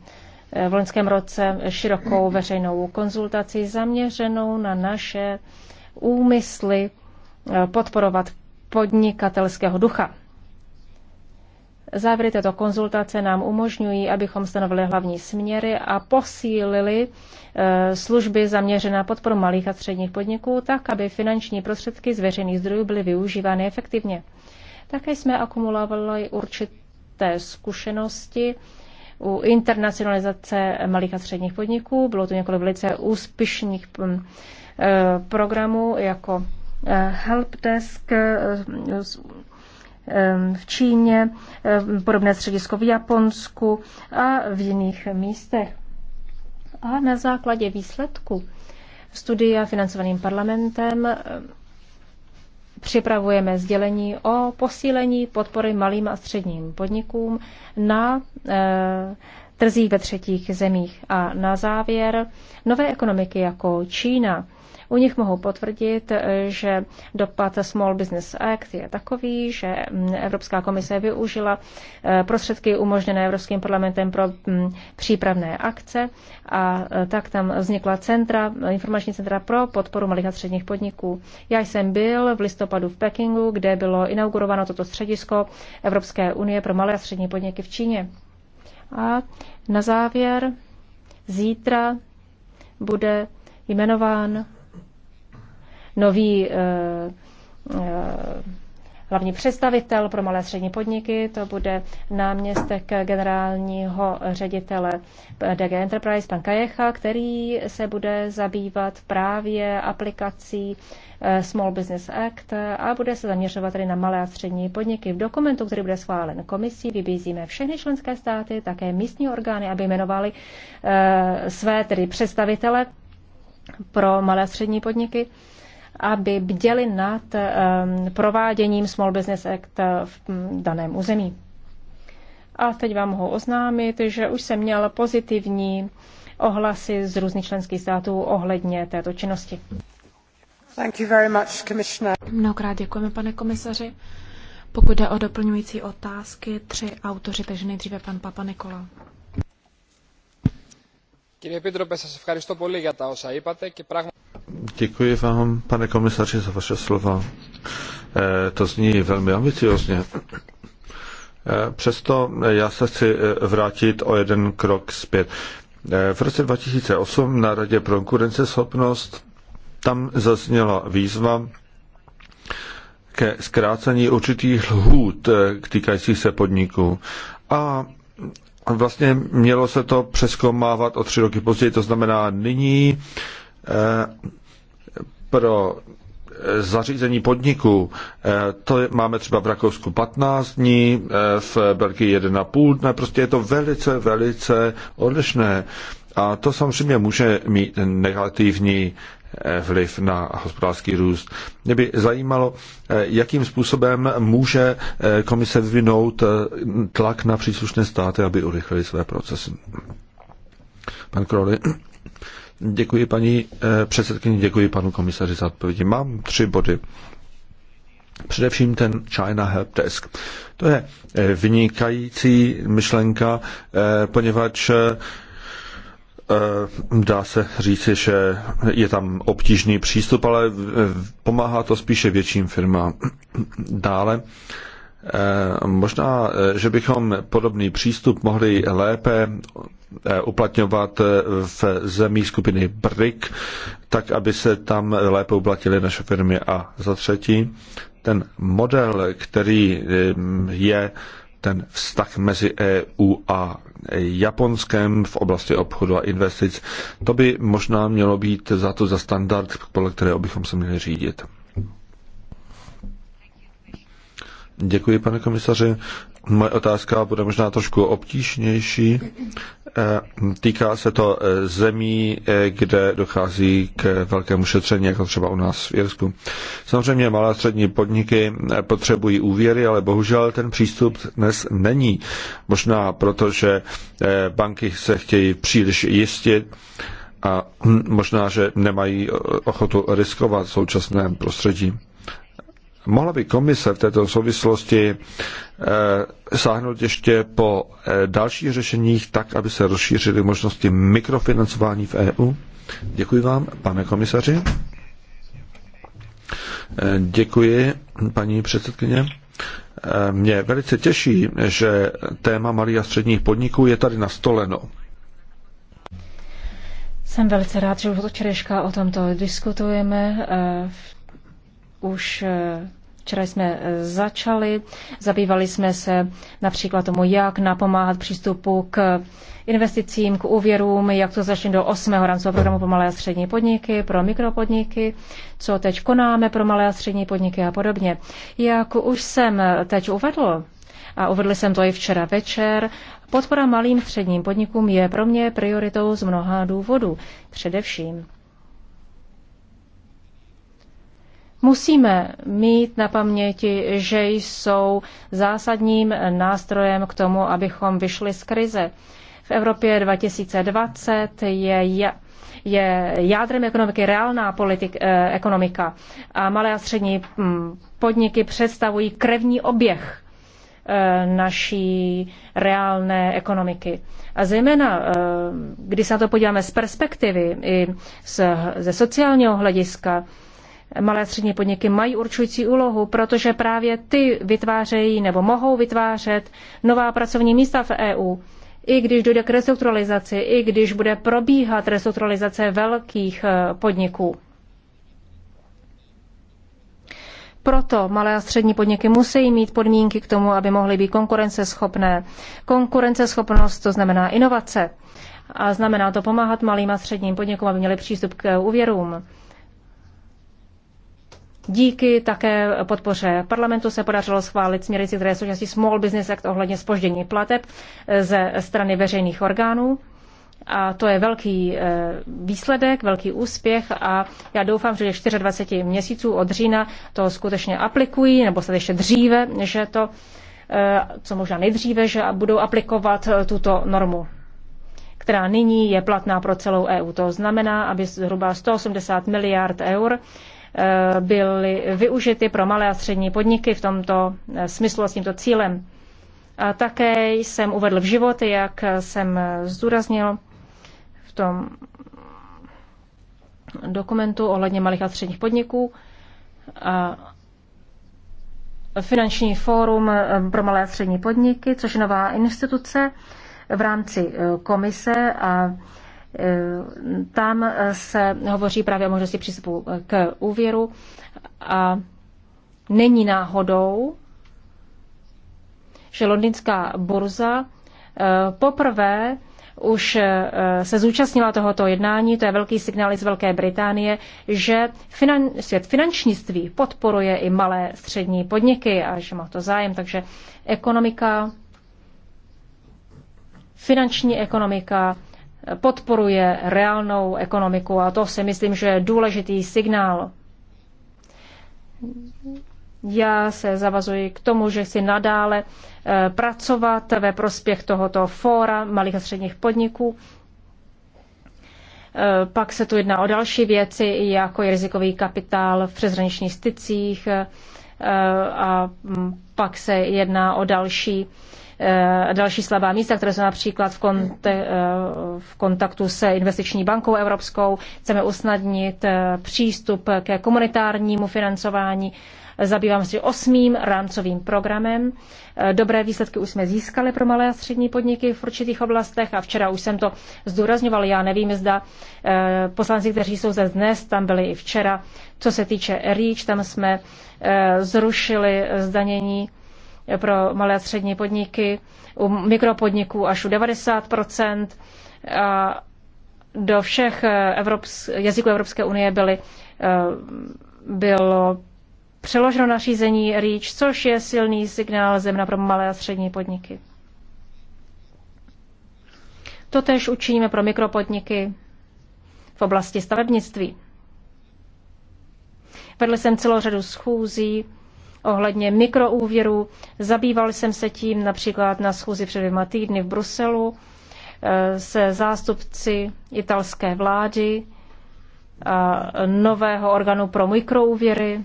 v loňském roce širokou veřejnou konzultaci zaměřenou na naše úmysly eh, podporovat podnikatelského ducha. Závěry této konzultace nám umožňují, abychom stanovili hlavní směry a posílili eh, služby na podporu malých a středních podniků tak, aby finanční prostředky z veřejných zdrojů byly využívány efektivně. Také jsme akumulovali určité zkušenosti u internacionalizace malých a středních podniků. Bylo to několik velice úspěšných mm, eh, programů jako eh, helpdesk eh, v Číně, podobné středisko v Japonsku a v jiných místech. A na základě výsledku studia financovaným parlamentem připravujeme sdělení o posílení podpory malým a středním podnikům na eh, trzích ve třetích zemích. A na závěr nové ekonomiky jako Čína u nich mohu potvrdit, eh, že dopad Small Business Act je takový, že mm, Evropská komise využila eh, prostředky umožněné Evropským parlamentem pro mm, přípravné akce a eh, tak tam vznikla centra, informační centra pro podporu malých a středních podniků. Já jsem byl v listopadu v Pekingu, kde bylo inaugurováno toto středisko Evropské unie pro malé a střední podniky v Číně. A na závěr zítra bude jmenován nový eh, eh, hlavní představitel pro malé a střední podniky, to bude náměstek generálního ředitele DG Enterprise, pan Kajecha, který se bude zabývat právě aplikací eh, Small Business Act a bude se zaměřovat tedy na malé a střední podniky. V dokumentu, který bude schválen komisí, vybízíme všechny členské státy, také místní orgány, aby jmenovali své tedy představitele pro malé a střední podniky aby bděli nad ehm, prováděním Small Business Act eh, v daném území. A teď vám mohu oznámit, že už jsem měl pozitivní ohlasy z různých členských států ohledně této činnosti. Thank you very much, Mnohokrát děkujeme, pane komisaři. Pokud jde o doplňující otázky, tři autoři, takže nejdříve pan Papa Nikola. Κύριε Επίτροπε, za ευχαριστώ πολύ για τα όσα είπατε και Děkuji vám, pane komisaři, za vaše slova. Eh, to zní velmi ambiciozně. Eh, přesto já se chci eh, vrátit o jeden krok zpět. V roce 2008 na Radě pro konkurenceschopnost tam zazněla výzva ke zkrácení určitých lhůt týkajících se podniků. A vlastně mělo se to přeskoumávat o tři roky později, to znamená nyní Eh, pro eh, zařízení podniku, eh, to máme třeba v Rakousku 15 dní, v Belgii 1,5 dne, prostě je to velice, velice odlišné. A to samozřejmě může mít negativní vliv na hospodářský růst. Mě by zajímalo, jakým způsobem může komise vyvinout tlak na příslušné státy, aby urychlili své procesy. Pan Crowley. Děkuji paní eh, předsedkyni, děkuji panu komisaři za odpovědi. Mám tři body. Především ten China Help Desk. To je eh, vynikající myšlenka, eh, poněvadž dá se říci, že je tam obtížný přístup, ale pomáhá to spíše větším firmám. Dále Eh, možná, eh, že bychom podobný přístup mohli lépe eh, uplatňovat v zemích skupiny BRIC, tak aby se tam lépe uplatili naše firmy. A za třetí, ten model, který je ten vztah mezi EU a Japonském v oblasti obchodu a investic, to by možná mělo být za to za standard, podle kterého bychom se měli řídit. Děkuji, pane komisaři. Moje otázka bude možná trošku obtížnější. Eh, týká se to eh, zemí, eh, kde dochází k velkému šetření, jako třeba u nás v Jirsku. Samozřejmě malé a střední podniky potřebují úvěry, ale bohužel ten přístup dnes není. Možná proto, že banky se chtějí příliš jistit a hm, možná, že nemají ochotu riskovat současné prostředí. Mohla by komise v této souvislosti eh, sáhnout ještě po eh, dalších řešeních tak, aby se rozšířily možnosti mikrofinancování v EU? Děkuji vám, pane komisaři. Eh, děkuji, paní předsedkyně. Mě velice těší, že téma malých a středních podniků je tady nastoleno. Jsem velice rád, že od včerejška o tomto diskutujeme. Už Včera jsme e, začali, zabývali jsme se například tomu, jak napomáhat přístupu k investicím, k úvěrům, jak to začne do 8. rámcového programu pro malé a střední podniky, pro mikropodniky, co teď konáme pro malé a střední podniky a podobně. Jak už jsem teď uvedl, a uvedl jsem to i včera večer, podpora malým středním podnikům je pro mě prioritou z mnoha důvodů. Především Musíme mít na paměti, že jsou zásadním nástrojem k tomu, abychom vyšli z krize. V Evropě 2020 je, je jádrem ekonomiky reálná politik, eh, ekonomika a malé a střední hm, podniky představují krevní oběh eh, naší reálné ekonomiky. A zejména, eh, když se na to podíváme z perspektivy i z, ze sociálního hlediska, eh, Malé a střední podniky mají určující úlohu, protože právě ty vytvářejí nebo mohou vytvářet nová pracovní místa v EU. I když dojde k restrukturalizaci, i když bude probíhat restrukturalizace velkých e, podniků. Proto malé a střední podniky musí mít podmínky k tomu, aby mohly být konkurenceschopné. Konkurenceschopnost to znamená inovace. A znamená to pomáhat malým a středním podnikům, aby měli přístup k úvěrům. Díky také podpoře parlamentu se podařilo schválit směrnici, které jsou součástí Small Business Act ohledně spoždění plateb ze strany veřejných orgánů. A to je velký eh, výsledek, velký úspěch a já doufám, že 24 měsíců od října to skutečně aplikují, nebo se ještě dříve, že to, eh, co možná nejdříve, že budou aplikovat eh, tuto normu která nyní je platná pro celou EU. To znamená, aby zhruba 180 miliard eur Eh, byly využity pro malé a střední podniky v tomto eh, smyslu a s tímto cílem. A také jsem uvedl v život, jak jsem zdůraznil v tom dokumentu ohledně malých a středních podniků. A Finanční fórum eh, pro malé a střední podniky, což je nová instituce v rámci komise a tam se hovoří právě o možnosti přístupu k úvěru a není náhodou, že londýnská burza eh, poprvé už eh, se zúčastnila tohoto jednání, to je velký signál z Velké Británie, že finan, svět finančnictví podporuje i malé střední podniky a že má to zájem, takže ekonomika, finanční ekonomika podporuje reálnou ekonomiku a to si myslím, že je důležitý signál. Já se zavazuji k tomu, že chci nadále eh, pracovat ve prospěch tohoto fóra malých a středních podniků. Eh, pak se tu jedná o další věci, jako je rizikový kapitál v přeshraničních stycích eh, a mm, pak se jedná o další Eh, další slabá místa, které jsou například v, konte, eh, v kontaktu se investiční bankou evropskou. Chceme usnadnit eh, přístup ke komunitárnímu financování. Zabývám se osmým rámcovým programem. Dobré výsledky už jsme získali pro malé a střední podniky v určitých oblastech a včera už jsem to zdůrazňoval. Já nevím, zda poslanci, kteří jsou zde dnes, tam byli i včera. Co se týče REACH, tam jsme zrušili zdanění pro malé a střední podniky, u mikropodniků až u 90 a do všech eh, Evrops, jazyků Evropské unie byly, eh, bylo přeloženo nařízení REACH, což je silný signál zemna pro malé a střední podniky. Totež učiníme pro mikropodniky v oblasti stavebnictví. Vedl jsem celou řadu schůzí ohledně mikroúvěrů. Zabýval jsem se tím například na schůzi před dvěma týdny v Bruselu eh, se zástupci italské vlády a nového orgánu pro mikroúvěry,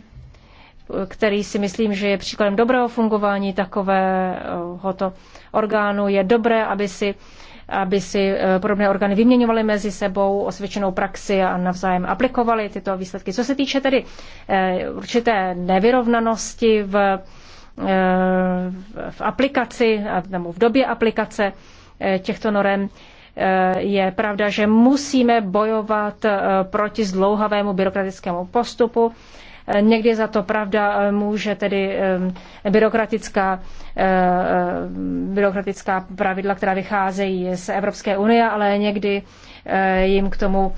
který si myslím, že je příkladem dobrého fungování takovéhoto orgánu. Je dobré, aby si aby si eh, podobné orgány vyměňovaly mezi sebou osvědčenou praxi a navzájem aplikovaly tyto výsledky. Co se týče tedy eh, určité nevyrovnanosti v, eh, v aplikaci nebo v době aplikace těchto norem, je pravda, že musíme bojovat proti zdlouhavému byrokratickému postupu Někdy za to pravda eh, může tedy eh, byrokratická, eh, byrokratická pravidla, která vycházejí z Evropské unie, ale někdy jim k tomu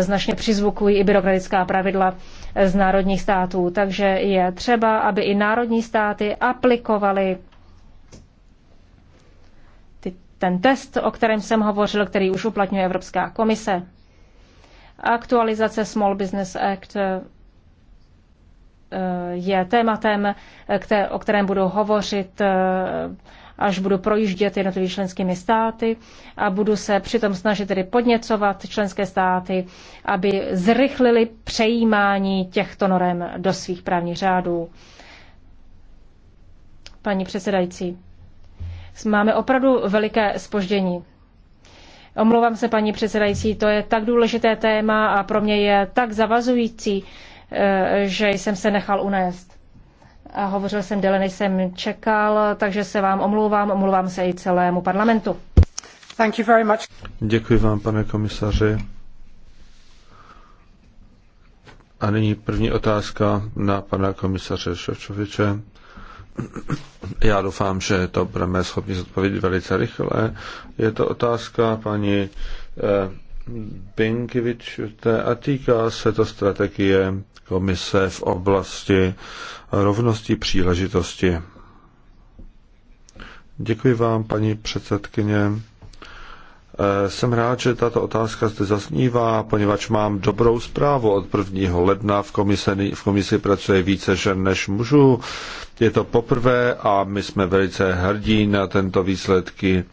značně přizvukují i byrokratická pravidla z národních států. Takže je třeba, aby i národní státy aplikovaly ten test, o kterém jsem hovořil, který už uplatňuje Evropská komise. Aktualizace Small Business Act Eh, je tématem, eh, o kterém budu hovořit, eh, až budu projíždět jednotlivými členskými státy a budu se přitom snažit tedy podněcovat členské státy, aby zrychlili přejímání těchto norem do svých právních řádů. Paní předsedající, máme opravdu veliké spoždění. Omlouvám se, paní předsedající, to je tak důležité téma a pro mě je tak zavazující, Eh, že jsem se nechal unést. A hovořil jsem déle, než jsem čekal, takže se vám omlouvám, omlouvám se i celému parlamentu. Thank you very much. Děkuji vám, pane komisaři. A nyní první otázka na pana komisaře Ševčoviče. Já doufám, že to budeme schopni zodpovědět velice rychle. Je to otázka paní eh, Binkivičute a týká se to strategie komise v oblasti rovnosti příležitosti. Děkuji vám, paní předsedkyně. Eh, jsem rád, že tato otázka zde zasnívá, poněvadž mám dobrou zprávu. Od 1. ledna v komisi, v komisi pracuje více žen než mužů. Je to poprvé a my jsme velice hrdí na tento výsledky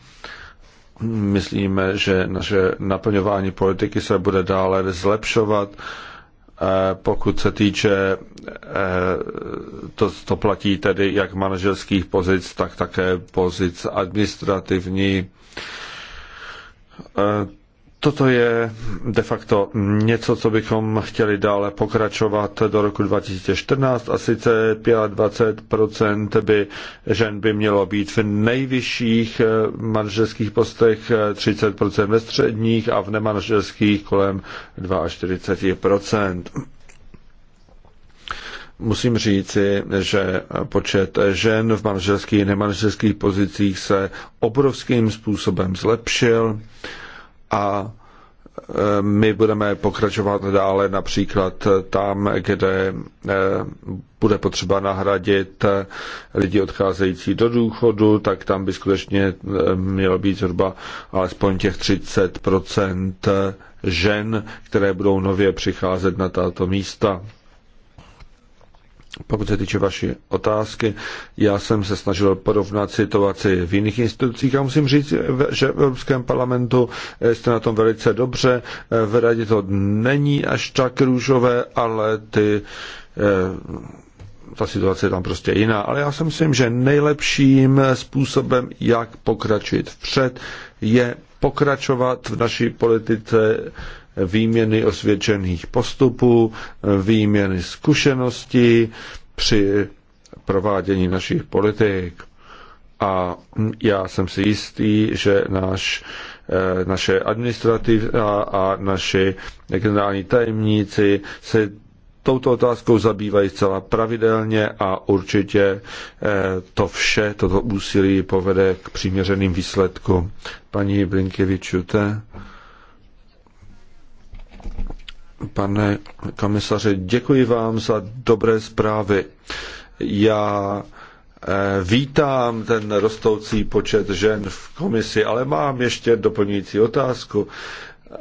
myslíme, že naše naplňování politiky se bude dále zlepšovat. Eh, pokud se týče, eh, to, to platí tedy jak manažerských pozic, tak také pozic administrativní. Eh, Toto je de facto něco, co bychom chtěli dále pokračovat do roku 2014 a sice 25% by žen by mělo být v nejvyšších eh, manželských postech, 30% eh, ve středních a v nemanželských kolem 42%. Musím říci, že počet žen v manželských a nemanželských pozicích se obrovským způsobem zlepšil a e, my budeme pokračovat dále například tam, kde e, bude potřeba nahradit e, lidi odcházející do důchodu, tak tam by skutečně mělo být zhruba alespoň těch 30 žen, které budou nově přicházet na tato místa. Pokud se týče vaší otázky, já jsem se snažil porovnat situaci v jiných institucích a musím říct, že v Evropském parlamentu jste na tom velice dobře. V radě to není až tak růžové, ale ty, eh, ta situace je tam prostě jiná. Ale já si myslím, že nejlepším způsobem, jak pokračovat vpřed, je pokračovat v naší politice výměny osvědčených postupů, výměny zkušeností při provádění našich politik. A já jsem si jistý, že náš, eh, naše administrativa a naši generální tajemníci se touto otázkou zabývají zcela pravidelně a určitě eh, to vše, toto úsilí povede k přiměřeným výsledkům. Paní Blinkevičute. Pane komisaře, děkuji vám za dobré zprávy. Já eh, vítám ten rostoucí počet žen v komisi, ale mám ještě doplňující otázku. Eh,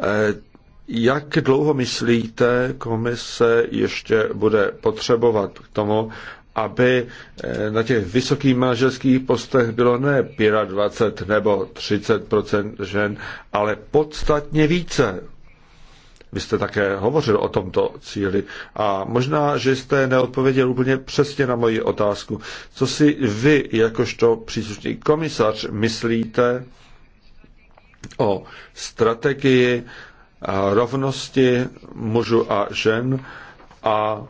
jak dlouho myslíte, komise ještě bude potřebovat k tomu, aby eh, na těch vysokých manželských postech bylo ne 25 nebo 30 žen, ale podstatně více? Vy jste také hovořil o tomto cíli a možná, že jste neodpověděl úplně přesně na moji otázku. Co si vy, jakožto příslušný komisař, myslíte o strategii rovnosti mužů a žen a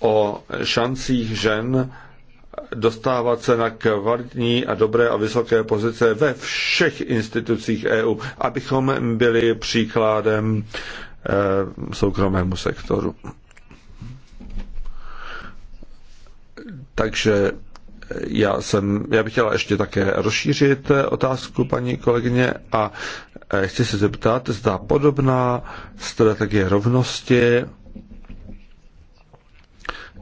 o šancích žen dostávat se na kvalitní a dobré a vysoké pozice ve všech institucích EU, abychom byli příkladem Eh, soukromému sektoru. Takže já, jsem, já bych chtěla ještě také rozšířit otázku paní kolegyně a eh, chci se zeptat, zda podobná strategie rovnosti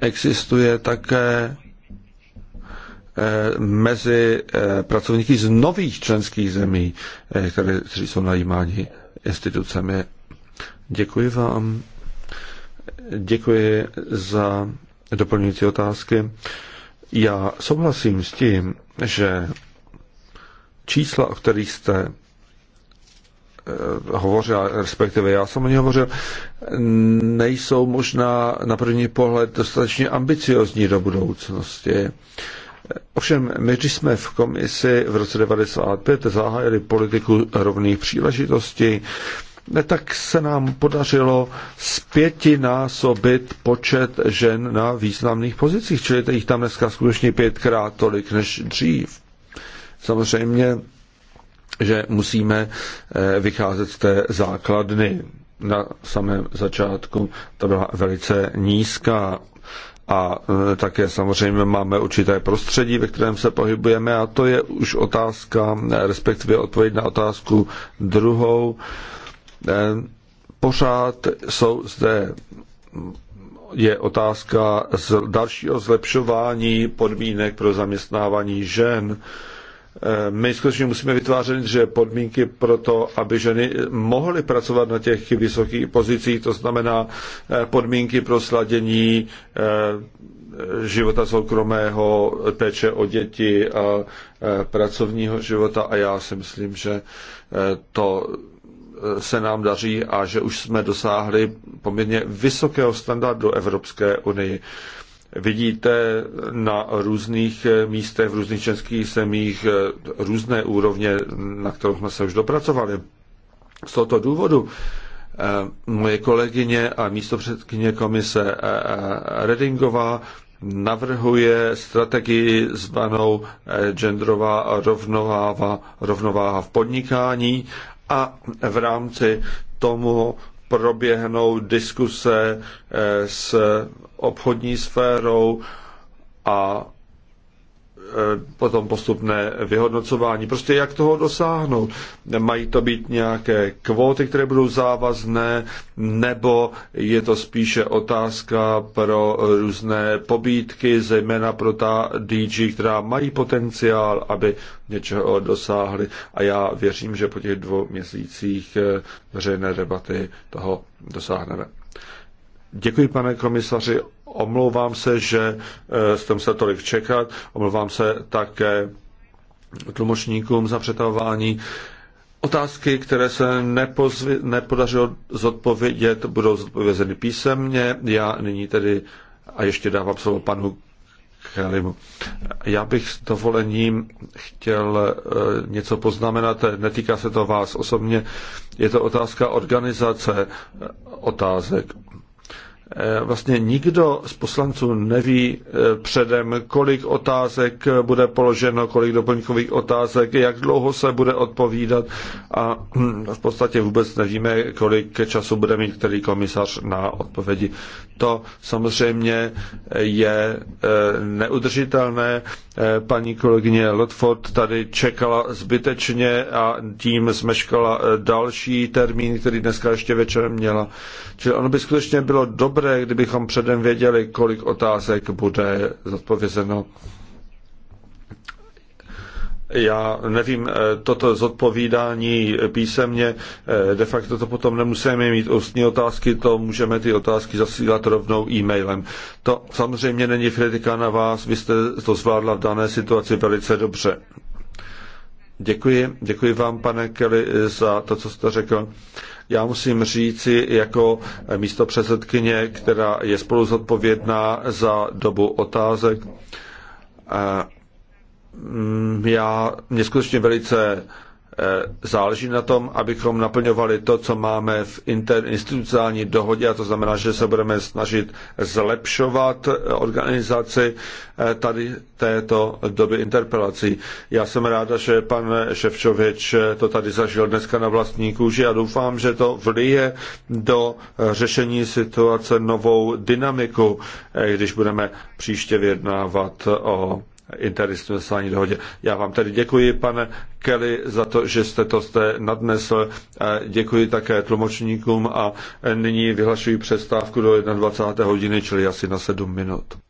existuje také eh, mezi pracovníky z nových členských zemí, které, kteří jsou najímáni institucemi. Děkuji vám. Děkuji za doplňující otázky. Já souhlasím s tím, že čísla, o kterých jste eh, hovořil, respektive já jsem o ně hovořil, nejsou možná na první pohled dostatečně ambiciozní do budoucnosti. Ovšem, my, když jsme v komisi v roce 1995 zahájili politiku rovných příležitostí, tak se nám podařilo zpětinásobit počet žen na významných pozicích, čili jich tam dneska skutečně pětkrát tolik než dřív. Samozřejmě, že musíme eh, vycházet z té základny. Na samém začátku To byla velice nízká a eh, také samozřejmě máme určité prostředí, ve kterém se pohybujeme a to je už otázka, respektive odpověď na otázku druhou Eh, pořád jsou zde je otázka z dalšího zlepšování podmínek pro zaměstnávání žen. Eh, my skutečně musíme vytvářet že podmínky pro to, aby ženy mohly pracovat na těch vysokých pozicích, to znamená eh, podmínky pro sladění života soukromého, péče o děti a pracovního života. A já si myslím, že to se nám daří a že už jsme dosáhli poměrně vysokého standardu Evropské unii. Vidíte na různých místech, v různých českých zemích různé úrovně, na kterou jsme se už dopracovali. Z tohoto důvodu eh, moje kolegyně a místopředkyně komise eh, eh, Redingová navrhuje strategii zvanou genderová rovnováha v podnikání a v rámci tomu proběhnou diskuse eh, s obchodní sférou a Eh, potom postupné vyhodnocování. Prostě jak toho dosáhnout? Mají to být nějaké kvóty, které budou závazné, nebo je to spíše otázka pro různé pobídky, zejména pro ta DG, která mají potenciál, aby něčeho dosáhli. A já věřím, že po těch dvou měsících eh, veřejné debaty toho dosáhneme. Děkuji, pane komisaři. Omlouvám se, že jste eh, se tolik čekat. Omlouvám se také tlumočníkům za přetavování. Otázky, které se nepozvi, nepodařilo zodpovědět, budou zodpovězeny písemně. Já nyní tedy a ještě dávám slovo panu Kelimu. Já bych s dovolením chtěl eh, něco poznamenat, netýká se to vás osobně, je to otázka organizace eh, otázek. Eh, vlastně nikdo z poslanců neví eh, předem, kolik otázek eh, bude položeno, kolik doplňkových otázek, jak dlouho se bude odpovídat a hm, v podstatě vůbec nevíme, kolik času bude mít který komisař na odpovědi. To samozřejmě je neudržitelné. Paní kolegyně Lotford tady čekala zbytečně a tím zmeškala další termín, který dneska ještě večer měla. Čili ono by skutečně bylo dobré, dobré, kdybychom předem věděli, kolik otázek bude zodpovězeno. Já nevím, eh, toto zodpovídání písemně, eh, de facto to potom nemusíme mít ústní otázky, to můžeme ty otázky zasílat rovnou e-mailem. To samozřejmě není kritika na vás, vy jste to zvládla v dané situaci velice dobře. Děkuji, děkuji vám, pane Kelly, za to, co jste řekl. Já musím říci jako místo předsedkyně, která je spolu zodpovědná za dobu otázek, eh, já mě skutečně velice Eh, záleží na tom, abychom naplňovali to, co máme v interinstitucionální dohodě, a to znamená, že se budeme snažit zlepšovat eh, organizaci eh, tady této doby interpelací. Já jsem ráda, že pan Ševčovič to tady zažil dneska na vlastní kůži a doufám, že to vlije do řešení situace novou dynamiku, když budeme příště vyjednávat o interinstitucionální dohodě. Já vám tedy děkuji, pane Kelly, za to, že jste to zde nadnesl. Děkuji také tlumočníkům a nyní vyhlašuji přestávku do 21. hodiny, čili asi na 7 minut.